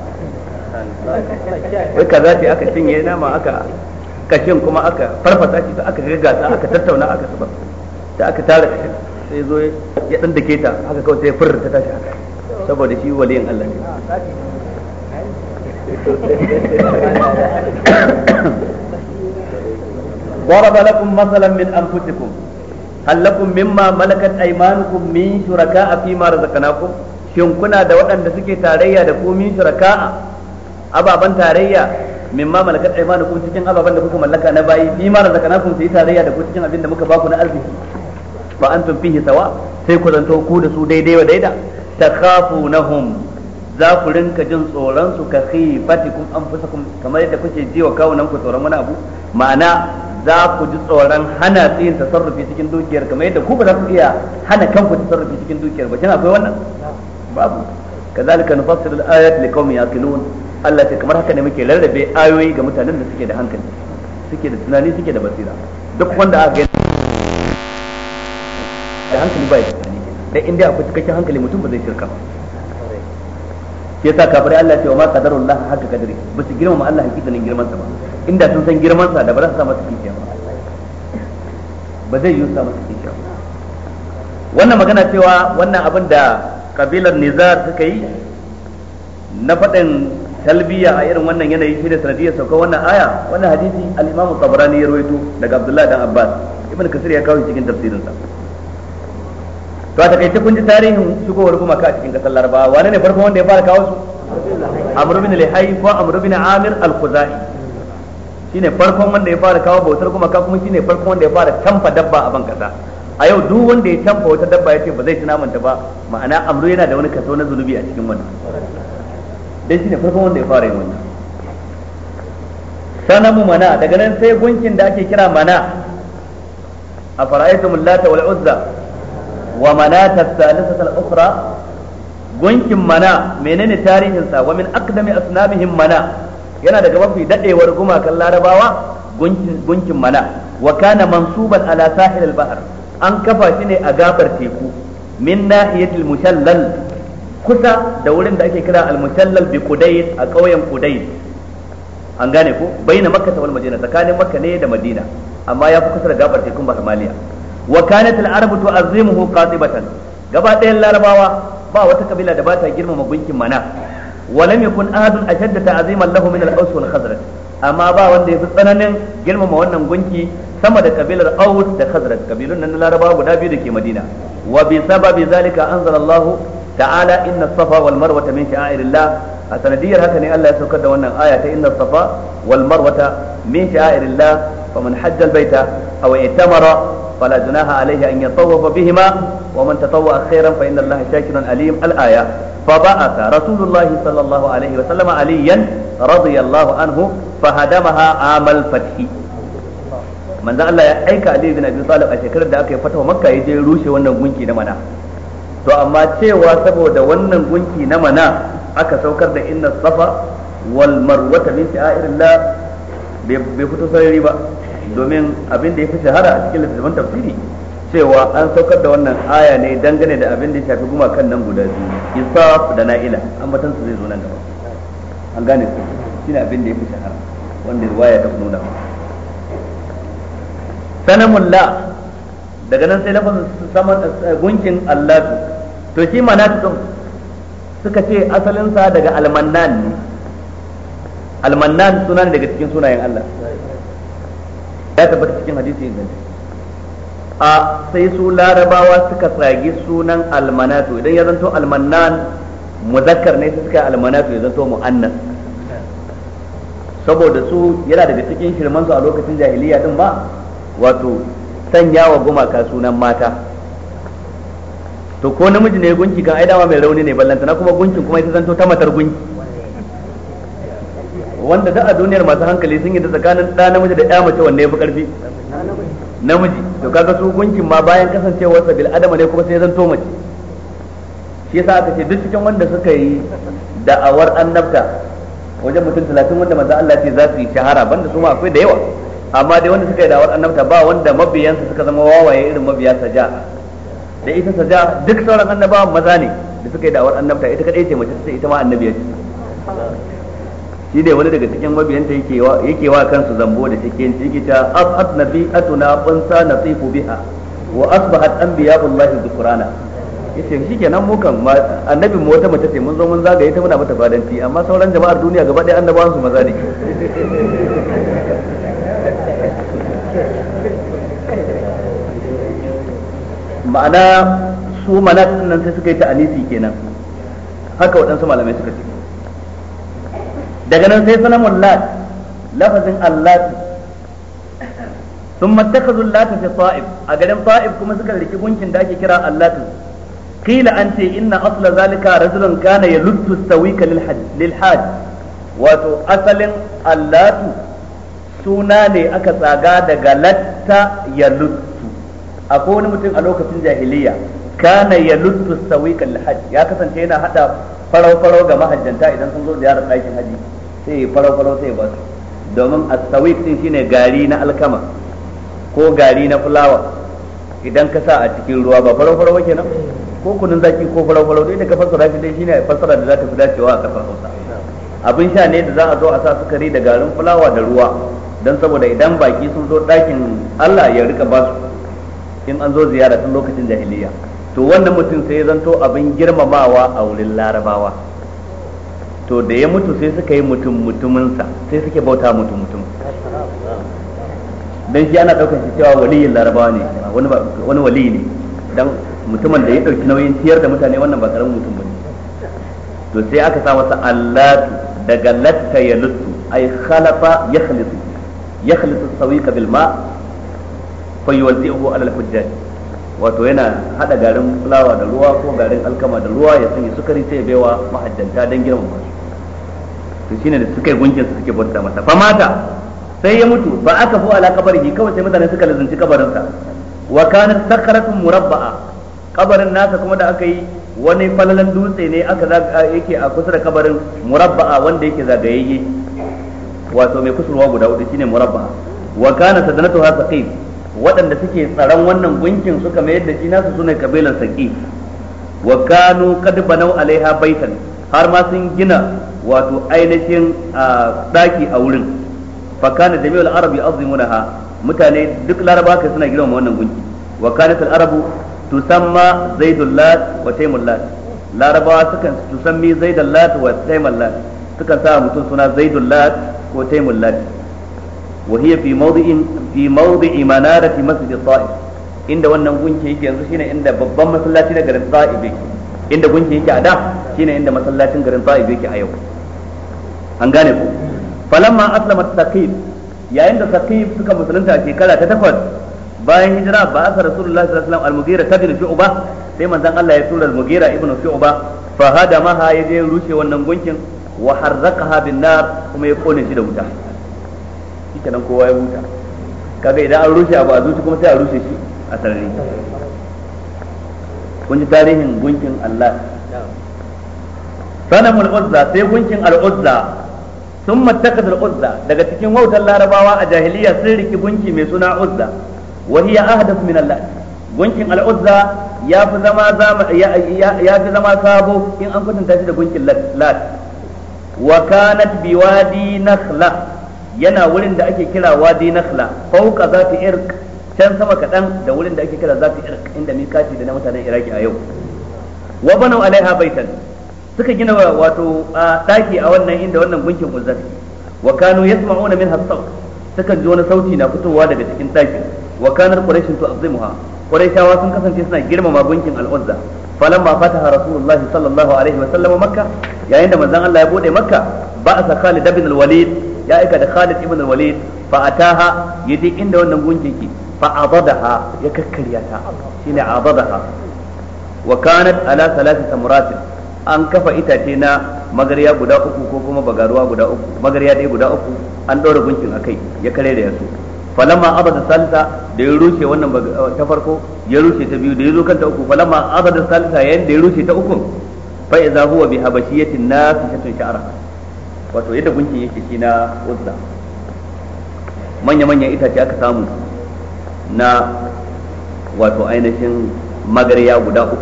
wai kaza ce aka cinye nama aka kashin kuma aka farfasa shi ta aka gaggasa aka tattauna aka zuba ta aka tara kashin sai zo ya dan dake ta haka kawai sai furr ta tashi haka saboda shi waliyin Allah ne ضرب لكم مثلا من انفسكم هل لكم مما ملكت ايمانكم من شركاء فيما رزقناكم shin kuna da waɗanda suke tarayya da ku min shuraka'a ababan tarayya mimma malakat aymanukum cikin ababan da kuka mallaka na bayi fi ma razaqnakum sai tarayya da ku cikin abin da muka baku na arziki fa antum fihi sawa sai ku zanto ku da su daidai wa daida takhafunahum za ku rinka jin tsoron su ka khifatikum anfusakum kamar yadda kuke ji wa kawunan ku tsoron wani abu ma'ana za ku ji tsoron hana tsayin tasarrufi cikin dukiyar kamar yadda ku ba za ku iya hana kanku tasarrufi cikin dukiyar ba kina akwai wannan babu kazalika nufassilu al-ayati liqaumin yaqilun Allah ce kamar haka ne muke lallabe ayoyi ga mutanen da suke da hankali suke da tunani suke da basira duk wanda aka gani da hankali ba ya tunani dai inda akwai cikakken hankali mutum ba zai shirka ba ke yasa kafir Allah ce wa ma qadaru Allah haka kadari ba su girmama Allah hakikanin girman sa ba inda sun san girman sa da ba za su sa masa kishiya ba ba zai yi sa masa kishiya ba wannan magana cewa wannan abin da kabilar Nizar suka yi na faɗin talbiya a irin wannan yanayi shi da sanadiyar sauka wannan aya wannan hadisi al-Imam Tabarani ya rawaito daga Abdullahi dan Abbas Ibn Kasir ya kawo cikin tafsirinsa to a takaice kun ji tarihin shigowar gumaka a cikin kasar Larabawa wane ne farkon wanda ya fara kawo su Amr bin Lihai ko Amr bin Amir al-Khuzai shine farkon wanda ya fara kawo bautar gumaka kuma shine farkon wanda ya fara tamfa dabba a ban kasa a yau duk wanda ya tamfa wata dabba ya ce ba zai ci namanta ba ma'ana amru yana da wani kaso na zunubi a cikin wannan dai ne farkon wanda ya fara yin wannan sanamu mana daga nan sai gunkin da ake kira mana a fara'aitum lata wal uzza wa manata thalithata al gunkin mana menene tarihin wa min aqdami asnamihim mana yana daga mafi dadewar gumakan larabawa gunkin gunkin mana wa kana mansuban ala sahil al bahr an kafa shi ne a gabar teku min nahiyatil mushallal kusa da wurin da ake kira al bi qudais a ƙauyen qudais an gane ko baina makka wal madina tsakanin makka ne da madina amma ya fi kusa da gabar tekun bahmaliya wa kanat al-arabu tu'azzimuhu qatibatan gaba ɗayan larabawa ba wata kabila da ba ta girmama gunkin mana walam yakun ahadun ashadda ta'ziman lahu min al-aws wal khazraj amma ba wanda ya fi tsananin girmama wannan gunki sama da kabilar aus da khazraj kabilun nan larabawa guda biyu da ke madina wa bi sababi zalika anzalallahu ta'ala inna safa wal marwata min sha'irillah a sanadiyar haka ne Allah ya saukar da wannan aya ta inna safa wal marwata min sha'irillah faman hajja al baita aw itamara فلا جناح عليه أن يطوف بهما ومن تطوع خيرا فإن الله شاكر عليم الآية فبعث رسول الله صلى الله عليه وسلم عليا رضي الله عنه فهدمها عام الفتح من ذا الله يا أيك علي بن أبي طالب أشكر دعك فتح مكة يجي روشي وانا gunki na mana to amma cewa saboda wannan gunki na mana aka saukar da inna safa wal marwata min sha'irillah bai fito sarari ba domin abin da ya fi shahara a cikin littattafan tafsiri cewa an saukar da wannan aya ne dangane da abin da ya shafi kan nan guda biyu isaf da na'ila ambatan su zai zo nan gaba an gane su shine abin da ya fi shahara wanda riwaya ta nuna sanamun la daga nan sai lafazin saman eh, gunkin allatu to shi manat din suka ce asalinsa daga almannan ne almannan suna ne daga cikin sunayen Allah ya tabbata cikin hadisi ne a sai su larabawa suka tsagi sunan almanatu idan ya zanto almannan muzakkar ne suka almanatu ya zanto mu'annas saboda su yana daga cikin shirmansu a lokacin jahiliya din ba wato sanya wa gumaka sunan mata to ko namiji ne gunki kan ai dama mai rauni ne ballantana kuma gunkin kuma ita zanto ta matar gunki wanda da a duniyar masu hankali sun yi da tsakanin ɗa namiji da 'ya mace wanne ya fi ƙarfi namiji to kaga su gunkin ma bayan kasancewar sa bil adama ne kuma sai zanto mace shi yasa aka ce duk cikin wanda suka yi da'awar annabta wajen mutum talatin wanda manzo Allah ce za su yi shahara banda su ma akwai da yawa amma dai wanda suka yi da'awar annabta ba wanda mabiyansa suka zama wawaye irin mabiya saja'a da ita ja duk sauran annabawan maza ne da suka yi da'awar annabta ita kadai ce mace sai ita ma annabiya ce shi dai wani daga cikin mabiyanta yake wa yake wa kansu zambo da cikin ciki ta nabi atuna qunsa nasifu biha wa asbahat anbiya'ullahi dhikrana yace kenan mu kan annabin mu wata mace ce mun zo mun zagaye ta muna mata fadanci amma sauran jama'ar duniya gaba ɗaya annabawan su maza ne ma'ana su manat nan sai suka yi ta anisi kenan haka waɗansu malamai suka ce daga nan sai sanamun lat lafazin allat sun mattakazu latin fi sa'ib a garin sa'ib kuma suka riki gunkin da ake kira allatin qila an ce inna asla zalika rajulun kana yaluttu sawika lil hajj wato asalin allatu suna ne aka tsaga daga latta yaluttu akwai wani mutum a lokacin jahiliya kana ya luttu sawiqal hajj ya kasance yana hada farau farau ga mahajjanta idan sun zo yara ɗakin haji sai ya farau farau sai ya basu domin a sawiq din shine gari na alkama ko gari na fulawa idan ka sa a cikin ruwa ba farau farau nan ko kunun zaki ko farau farau dai da ka fassara shi dai shine fassara da za ta fi dacewa a kasar Hausa abin sha ne da za a zo a sa sukari da garin fulawa da ruwa don saboda idan baki sun zo ɗakin Allah ya rika basu in an zo ziyara tun lokacin jahiliya to wannan mutum sai zanto abin girmamawa a wurin larabawa to da ya mutu sai suka yi mutum mutuminsa sai suke bauta mutum mutum dan shi ana daukar shi cewa waliyin larabawa ne wani wani wali ne dan mutumin da ya dauki nauyin tiyar da mutane wannan ba karamin mutum bane to sai aka sa masa allatu daga latta ya lutu ay khalafa yakhlitu yakhlitu sawiqa bil ma' fa a ala al-hujjaj wato yana hada garin fulawa da ruwa ko garin alkama da ruwa ya sanya sukari sai ya baiwa mahajjanta don girmama su to shine da suka yi gunkin suke bauta masa fa mata sai ya mutu ba aka fi ala kabarihi kawai sai mutane suka lazanci kabarinsa wa kanat sakaratun murabba'a kabarin nasa kuma da aka yi wani falalan dutse ne aka yake a kusa da kabarin murabba'a wanda yake zagayayye wato mai kusurwa guda hudu shine murabba'a wa kana sadanatuha saqif waɗanda suke tsaron wannan gunkin suka mayar da shi nasu sune kabilan saki wa kanu kad banau alaiha baitan har ma sun gina wato ainihin daki a wurin fa kana jami'ul arabi azimunaha mutane duk laraba kai suna gina wannan gunki wa kanat al arabu tusamma zaidul lat wa taymul lat larabawa sukan tusammi zaidul lat wa taymul lat sukan sa mutum suna zaidul lat ko taymul lat wa hiya fi mawdi'in fi mawdi'i manarati masjid ta'if inda wannan gunki yake yanzu shine inda babban masallaci na garin ta'if yake inda gunki yake a da shine inda masallacin garin ta'if yake a yau an gane ku falamma aslama taqib yayin da taqib suka musulunta a shekara ta takwas bayan hijira ba aka rasulullahi sallallahu alaihi wasallam al-mughira tabin shu'ba sai manzon Allah ya tura al-mughira ibn shu'ba fa ma ya yaje rushe wannan gunkin wa harzaqaha bin nar kuma ya kone shi da wuta shikenan kowa ya huta kaga idan an rushe abu a zuci kuma sai a rushe shi a sarari kun ji tarihin gunkin Allah sanamul uzza sai gunkin al-uzza sun mattakar uzza daga cikin wautar larabawa a jahiliya sun riki gunki mai suna uzza wa hiya ahdath min Allah gunkin al-uzza ya fi zama ya fi zama sabo in an kwatanta shi da gunkin lat wa kanat biwadi nakhla yana wurin da ake kira wadi nakhla fauka zati irq can sama kadan da wurin da ake kira zati irq inda mikati da na mutanen iraki a yau wa banau alaiha baitan suka gina wato daki a wannan inda wannan gunkin uzzat wa kanu yasma'una minha as-sawt sukan ji wani sauti na fitowa daga cikin dakin wa kanar quraish tu azimuha quraishawa sun kasance suna girmama gunkin al-uzza falamma fataha rasulullah sallallahu alaihi wa sallam makka yayin da manzon Allah ya bude makka ba'asa Khalid ibn al-Walid ya aika da Khalid ibn al-Walid fa ataha yaje inda wannan gunkin ki fa abadaha ya kakkarya ta shine abadaha wa kanat ala salati samurat an kafa itace na magarya guda uku ko kuma bagaruwa guda uku magarya dai guda uku an daura gunkin akai ya kare da yasu falamma abada salsa da ya rushe wannan eh, ta farko ya rushe ta biyu da ya zo kanta uku falamma abada salsa yayin da ya rushe ta uku fa idza huwa bi habashiyatin nas shatun sha'ara wato yadda gunkin yake shi na uzza manya-manyan itace aka samu na wato ainihin magariya guda uku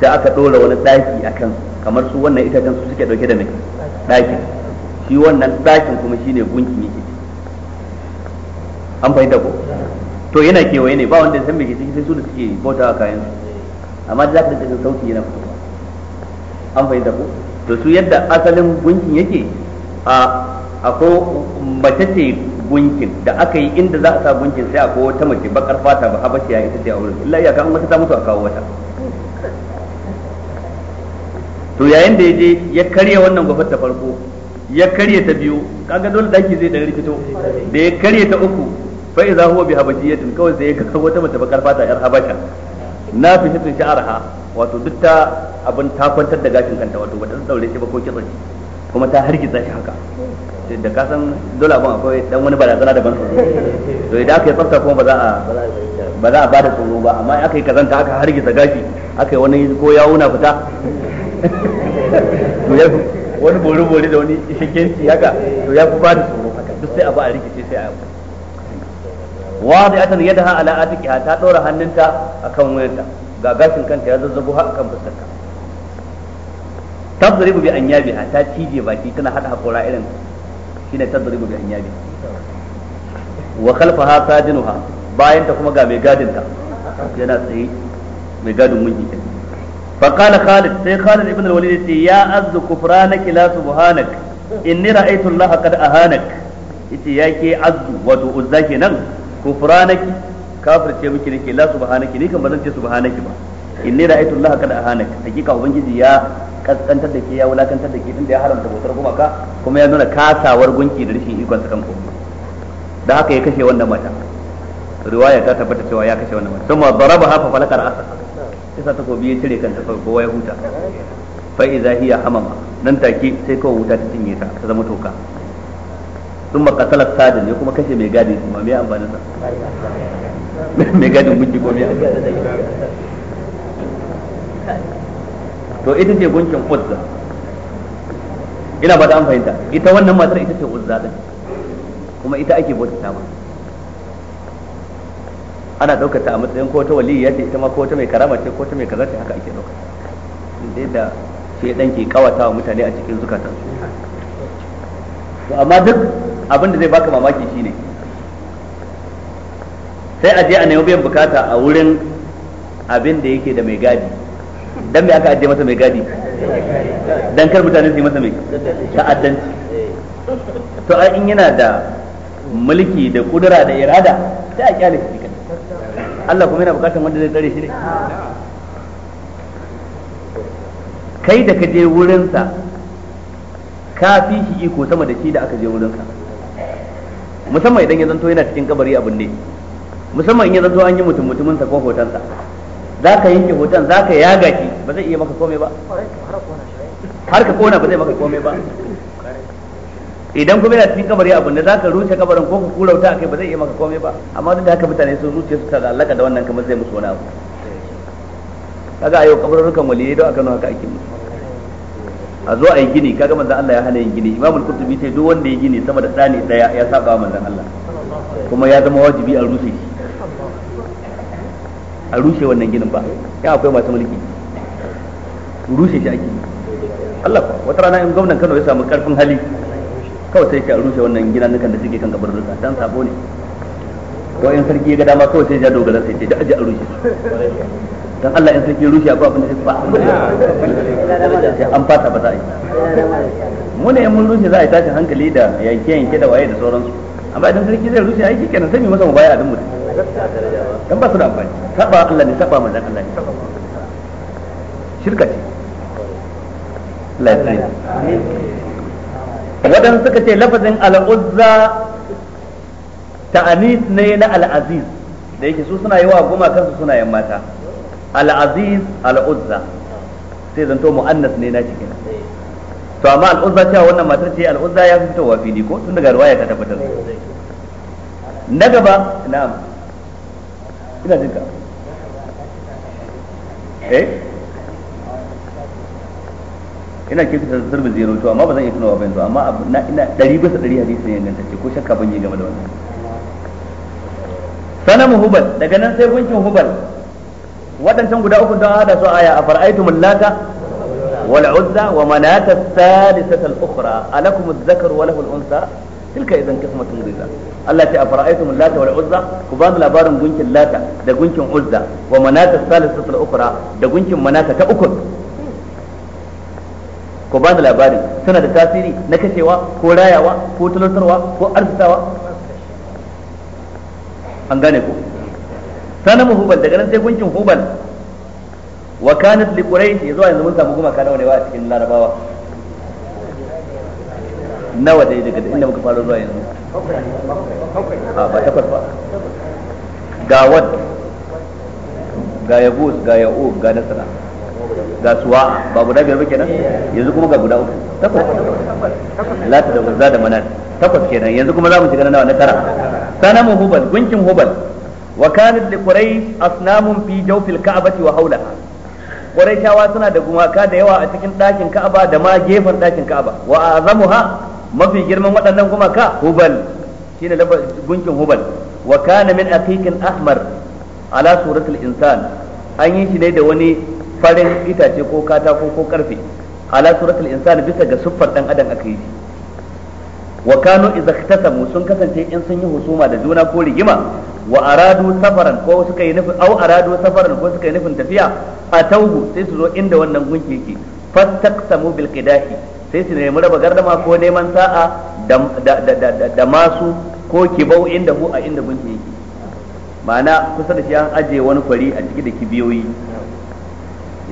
sai aka ɗora wani ɗaki a kan kamar su wannan itacen su suke ɗauke da mai Daki. shi wannan ɗakin kuma shine gunki yake an fahimta ko to yana kewaye ne ba wanda ya san me ke ciki sai su da suke bauta a kayan su amma da ka da sauti yana fitowa an fahimta ko to su yadda asalin gunkin yake a ko mace ce gunkin da aka yi inda za a sa gunkin sai akwai wata mace bakar fata ba habashiya ita ce a wurin illa iya kan wata ta mutu a kawo wata to yayin da ya je ya karya wannan gwafar ta farko ya karya ta biyu kaga dole daki zai dan rikito da ya karya ta uku fa idza huwa bi habashiyatin kawai sai ya kawo wata mace bakar fata yar habasha na fi shi sha'arha wato duk ta abin ta kwantar da gashin kanta wato bata daure shi ba ko kitsa shi kuma ta hargitsa shi haka da ka san dole abin akwai dan wani barazana daban to idan aka yi tsafta kuma ba za a ba za a da tsoro ba amma aka yi kazanta aka hargitsa gashi aka yi wani ko ya na fita [LAUGHS] to ya wani bori bori da wani shigenci haka to ya fi da tsoro haka duk sai a ba a rikice sai a yi Wa wadi'atan yadaha ala atiqiha ta dora hannunta akan wayarta ga gashin kanta ya zazzabo har kan fuskarta tadribu bi anyabiha ta cije baki tana hada hakora irin shine tadribu bi anyabi wa khalfaha sadinuha bayan ta kuma ga mai gadin ta yana tsaye mai gadin mun yake fa qala khalid sai khalid ibn al-walid yace ya azzu kufranak la subhanak inni ra'aytu allaha qad ahanak yace yake azzu wato uzza kenan kufranaki kafirce miki nake la subhanaki ni kan bazan ce subhanaki ba inni ra'aytu Allah kad ahanak hakika ubangiji ya kaskantar da ke ya wulakantar da ke tunda ya haramta bautar gumaka kuma ya nuna kasawar gunki da rashin ikon sakan ko da haka ya kashe wannan mata riwaya ta tabbata cewa ya kashe wannan mata kuma daraba hafa falakar asa isa ta gobi ya cire kanta ko kowa ya huta fa idza hiya hamama nan take sai kawai wuta ta cinye ta ta zama toka sun makasala sadin ya kuma kashe mai gadi kuma mai amfani sa mai gadin gunki ko mai to ita ce gunkin uzza ina ba da an fahimta ita wannan matar ita ce uzza din kuma ita ake bauta ta ba ana ɗaukar ta a matsayin ko ta waliyya ce ita ma ko ta mai karama ce ko ta mai kaza ce haka ake ɗaukar inda da sai dan ke kawata wa mutane a cikin zukatansu to amma duk abin da zai baka mamaki shine sai a je a nemi biyan bukata a wurin abin da yake da mai gadi dan me aka aje masa mai gadi dan kar mutane su yi masa mai ta'addanci to ai in yana da mulki da kudura da irada sai a kyale shi kan Allah kuma yana bukatan wanda zai tsare shi ne kai da ka je wurinsa ka fi shi iko sama da shi da aka je wurinsa musamman idan ya zanto yana cikin kabari abin ne musamman in ya zanto an yi mutum mutumin sa ko hotonsa za ka yanke hoton za ka yaga shi ba zai iya maka komai ba har ka kona ba zai maka komai ba idan kuma yana cikin kabari abin da za ka rushe kabarin ko ka kura wuta kai ba zai iya maka komai ba amma duk da haka mutane sun zuciya su ta alaka da wannan kamar zai musu wani abu kaga ayo kabarurukan waliyai don aka haka ake musu a zo a yi gini kaga manzan Allah ya hana yin gini imamul qurtubi sai duk wanda ya gini sama da tsani daya ya saba manzan Allah kuma ya zama wajibi a rushe shi a rushe wannan ginin ba ya akwai masu mulki rushe shi ake Allah ko wata rana in gwamnan Kano ya samu karfin hali kawai sai ka rushe wannan kan da suke kan kabarinsa dan sabo ne ko in sarki ya ga dama kawai sai ya dogara sai ce da aje a rushe dan Allah in sarki rushe akwai abin da ba an fata ba za a yi mu ne mun rushe za a yi tashin hankali da yanke yanke da waye da sauransu amma idan sarki zai rushe aiki kenan sai mu masa mubaya din mutum dan ba su da amfani saba Allah ne saba manzon Allah ne shirka ce lafiya wadan suka ce lafazin al'uzza ta'anis ne na al'aziz da yake su suna yi wa goma kansu suna yan mata al'aziz al'uzza sai zanto mu'annas ne na cikin to amma al'uzza cewa wannan matar ce al'uzza ya fitowa fili ko tun daga ruwaya ta tabbatar na gaba na'am ina jin ka eh ina kisa da zarbi zero to amma ba zan iya tunawa ba yanzu amma na ina ɗari bisa ɗari hadisi ne ingantacce ko shakka ban yi game da wannan sanamu hubal daga nan sai gunkin hubal waɗancan guda uku don hada su aya a far'aitum lata wal uzza wa manata thalithatul ukhra alakum adh-dhakaru wa lahu al unsa tilka idan qismatun riza Allah ta afara'aytum lata wal uzza ku ba labarin gunkin lata da gunkin uzza wa manata salisatul ukhra da gunkin manata ta ukun. ku ba labarin suna da tasiri na kashewa ko rayawa ko talartarwa ko arzikawa an gane ku sanamu hubal daga nan sai gunkin hubal wa kanat li quraish yazo yanzu mun samu gumaka nawa ne wa cikin larabawa nawa dai daga inda muka fara zuwa yanzu a ba takwas ba ga wad ga yabus ga ya'u ga nasara ga suwa ba guda biyar ba kenan yanzu kuma ga guda uku takwas lati da wazza da manan takwas kenan yanzu kuma za mu shiga nawa na tara mu hubal gunkin hubal wa kanat li quraish asnamun fi jawfil ka'bati wa hawlaha quraishawa suna da gumaka da yawa a cikin dakin ka'aba da ma gefen dakin ka'aba wa azamuha mafi girman waɗannan gumaka hubal shine gunkin hubal wa kana min aqiqin ahmar ala suratul insan an yi shi ne da wani farin itace ko katako ko karfe ala suratul insan bisa ga siffar dan adam aka yi shi wa kanu idza sun kasance in sun yi husuma da juna ko rigima wa aradu safaran ko suka yi nufin au aradu safaran ko suka yi nufin tafiya atauhu sai su zo inda wannan gunki yake fastaqsamu bil qidahi sai su nemi raba gardama ko neman sa'a da masu ko kibau inda hu a inda gunki yake ma'ana kusa da shi an ajiye wani kwari a ciki da kibiyoyi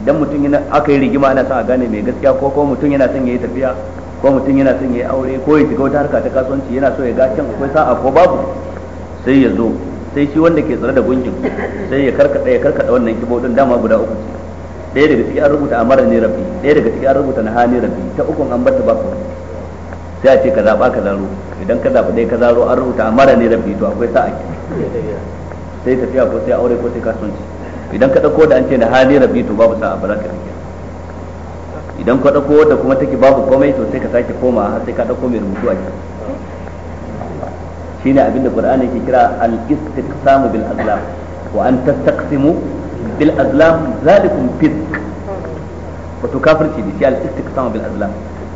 idan mutum yana aka yi rigima ana sa a gane mai gaskiya ko ko mutum yana son ya yi tafiya ko mutum yana son ya yi aure ko ya shiga wata harka ta kasuwanci yana so ya ga can akwai sa'a ko babu sai ya zo sai shi wanda ke tsare da gunkin sai ya karkada ya karkada wannan kibau din dama guda uku ce ɗaya daga ciki an rubuta amara ne rabbi ɗaya daga ciki an rubuta na hani rabbi ta ukun an ta ba ku sai a ce ka zaɓa ka zaro idan ka zaɓa ɗaya ka zaro an rubuta amara ne rabbi to akwai sa'a sai tafiya ko sai aure ko sai kasuwanci idan ka ɗauko da an ce na hani rabbi to babu sa'a ba za ka rike idan ka ɗauko da kuma take babu komai to sai ka sake koma har sai ka ɗauko mai rubutu a ciki shine abinda qur'ani ke kira al-istiqsamu bil azlam wa an tastaqsimu bil azlam zalikum fisk wato kafirci ne shi al istiqsam bil azlam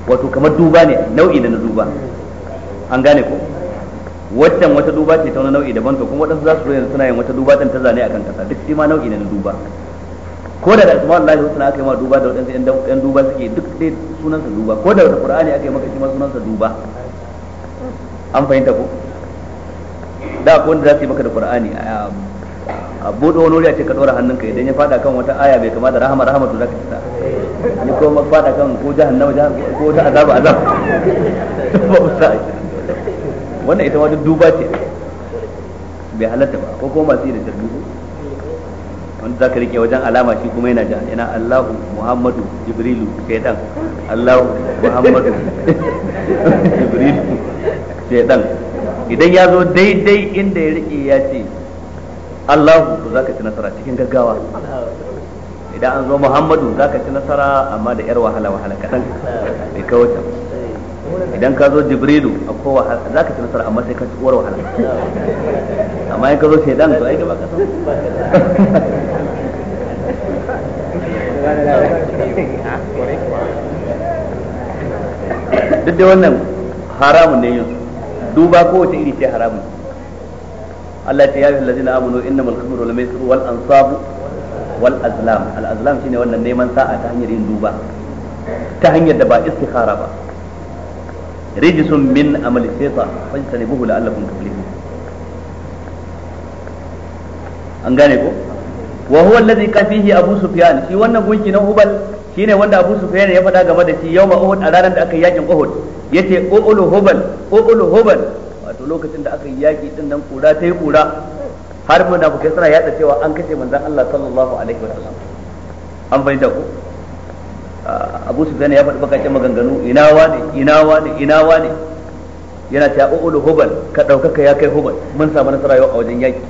wato kamar duba ne nau'i da na duba an gane ko waccan wata duba ce ta wani nau'i daban to kuma wadansu za su zo yanzu suna yin wata duba ta zane akan kasa duk shi ma nau'i ne na duba ko da da asma Allah husna aka yi ma duba da wadansu yan duba suke duk dai sunansa duba ko da Qur'ani aka yi maka shi ma sunansa duba an fahimta ko da ko wanda za su yi maka da Qur'ani a bude wani wuri a ce ka dora hannunka idan ya fada kan wata aya bai kama da rahama rahama to zaka tsaya ni kuma fada kan ko jahannama jahannama ko ta azaba azab [LAUGHS] ba wannan ita ma duk duba ce bai halatta ba ko kuma masu yi da tarbiyu wanda zaka rike wajen alama shi kuma yana da yana Allahu Muhammadu Jibrilu shaytan Allahu Muhammadu [LAUGHS] Jibrilu shaytan idan ya zo daidai inda ya rike ya ce Allahu za ka ci nasara cikin gaggawa idan an zo Muhammadu za ka ci nasara amma da yar wahala wahala kaɗan bai kawo idan ka zo Jibrilu a kowa za ka ci nasara amma sai ka ci uwar wahala amma in ka zo Shaidan to ai gaba ka duk da wannan haramun ne yin duba kowace iri ce haramun Allah ya yi allazina amunu innamal khamru wal su wal ansabu wal azlam al azlam shine wannan neman sa'a ta hanyar yin duba ta hanyar da ba istikhara ba rijisun min amali shaytan fajtanibuhu la'allakum tuflihun an gane ko wa huwa allazi kafihi abu sufyan shi wannan gunki na hubal shine wanda abu sufyan ya faɗa game da shi yawma uhud a ranar da aka yi yakin uhud yace uulu hubal uulu hubal wato lokacin da aka yi yaƙi din nan kura ta yi kura har mu munafukai suna yada cewa an kashe manzon Allah sallallahu alaihi wasallam an bai da ku ah, Abu Sufyan ya faɗi bakakken maganganu ina wane ina wane ina wane yana ta ulu hubal ka ɗaukaka ya kai hubal mun samu nasara yau a wajen yaƙi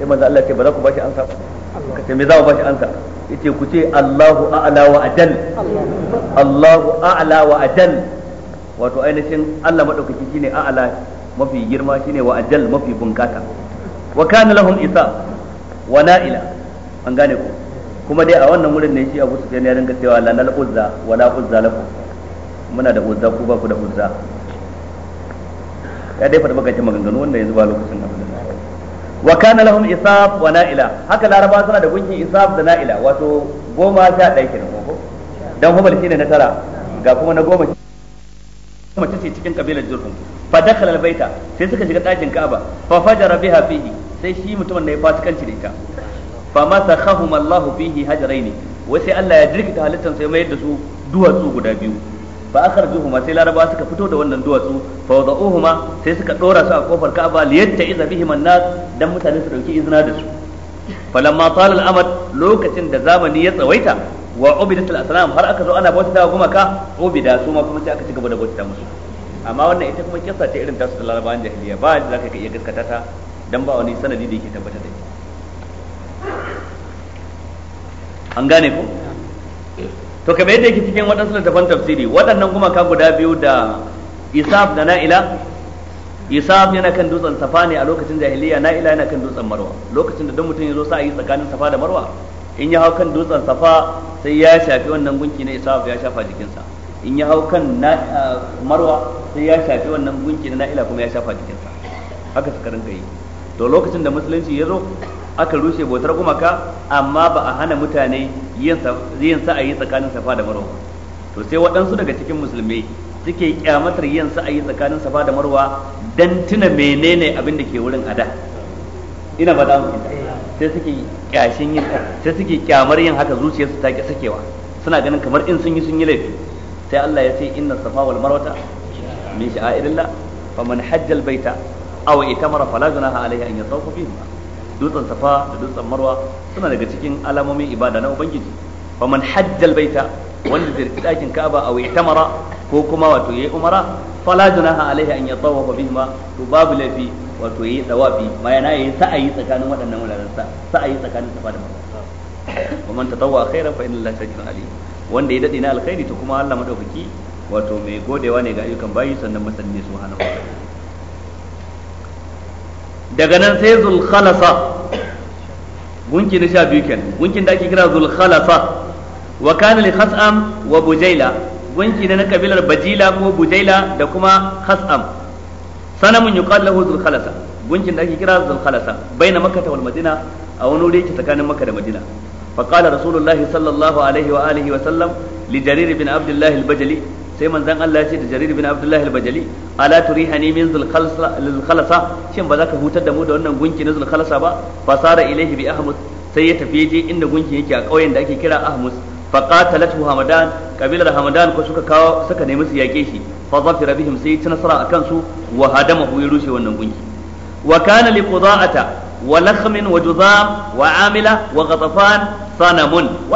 sai manzo Allah ce ba za ku bashi ansa ka ce me za ku bashi ansa yace ku ce Allahu a'la wa ajal Allahu a'la wa ajal wato ainihin Allah madaukaki shine a'la mafi girma shine wa ajal mafi bunƙasa wa kana lahum isa wa na'ila an gane ku kuma dai a wannan wurin ne shi Abu Sufyan ya dinga cewa la nal uzza wa la uzza lakum muna da uzza ku ba ku da uzza ya dai fada bakace maganganu wanda yanzu ba lokacin abin wa kana lahum isaf wa na'ila haka laraba suna da gunki isaf da na'ila wato goma sha ɗaya kenan ko dan hubal shine na tara ga kuma na goma mace ce cikin kabilar jurhum fa dakhala sai suka shiga dakin Ka'aba fa fajara biha fihi sai shi mutumin da ya fasikanci da ita fa masakhahum Allah fihi hajrayn wai sai Allah ya jirkita halittan sai mai da su duwatsu guda biyu fa akhrajuhuma sai laraba suka fito da wannan duwatsu fa wada'uhuma sai suka dora su a kofar Ka'aba liyatta iza bihim nas dan mutane su dauki izina da su falamma tala al-amad lokacin da zamani ya tsawaita wa ubidat al-asnam har aka zo ana bauta gumaka ubida su ma kuma sai aka ci gaba da bauta musu amma wannan ita kuma kissa ta irin tasu da larabawan jahiliya ba yadda zaka iya gaskata ta dan ba wani sanadi da yake tabbatar da an gane ku to kamar yadda yake cikin waɗansu littafan tafsiri waɗannan kuma ka guda biyu da isaf da na'ila isaf yana kan dutsen safa ne a lokacin jahiliya na'ila yana kan dutsen marwa lokacin da don mutum ya zo sa yi tsakanin safa da marwa in ya hau kan dutsen safa sai ya shafi wannan gunki na isaf ya shafa jikinsa in ya hau kan marwa sai ya shafi wannan gunki na na'ila kuma ya shafa jikinsa haka suka rinka yi to lokacin da musulunci ya zo aka rushe bautar gumaka amma ba a hana mutane yin sa'ayi tsakanin safa da marwa to sai waɗansu daga cikin musulmi suke kyamatar yin sa'ayi tsakanin safa da marwa dan tuna menene abin da ke wurin ada ina ba da mu sai suke kyashin yin sai suke kyamar yin haka zuciyarsu ta ki sakewa suna ganin kamar in sun yi sun yi laifi sai Allah ya ce inna safa wal marwata min sha'irillah faman hajja al baita aw itamara fala gunaha alayhi an yatawafa bihima dutsen safa da dutsen marwa suna daga cikin alamomin ibada na ubangiji faman hajja al baita wanda zai riki dakin ka'aba aw itamara ko kuma wato yayi umara fala gunaha alayhi an yatawafa bihima to babu lafi wato yayi dawafi ma'ana yayi sa'ayi tsakanin waɗannan wuraren sa sa'ayi tsakanin safa da marwa ومن تطوع خيرا فإن الله شاكر عليم wanda ya dade na alkhairi to kuma Allah madaukaki wato mai godewa ne ga ayyukan bayi sannan masani ne subhanahu wa daga nan sai zulkhalasa gunki na sha biyu kenan gunkin da ake kira zulkhalasa wa kana li khas'am wa bujaila gunki na kabilar bajila ko bujaila da kuma khas'am sanamun yuqal lahu zulkhalasa gunkin da ake kira zulkhalasa baina makkah wal madina a wani wuri yake tsakanin makka da madina فقال رسول الله صلى الله عليه وآله وسلم لجرير بن عبد الله البجلي sai manzon Allah ya ce da Jarir bin Abdullah al-Bajali ala turihani min zul shin ba za ka hutar da mu da wannan gunki na zul khalasa ba fa sara ilaihi bi ahmus sai ya tafi je inda gunki yake a ƙauyen da ake kira ahmus fa qatalatu hamadan kabilar hamadan ko suka kawo suka nemi su yake shi fa zafira bihim sai ta nasara akan su wa hadama ya rushe wannan gunki wa kana li quda'ata ولخم وجذام وعاملة وغطفان صنم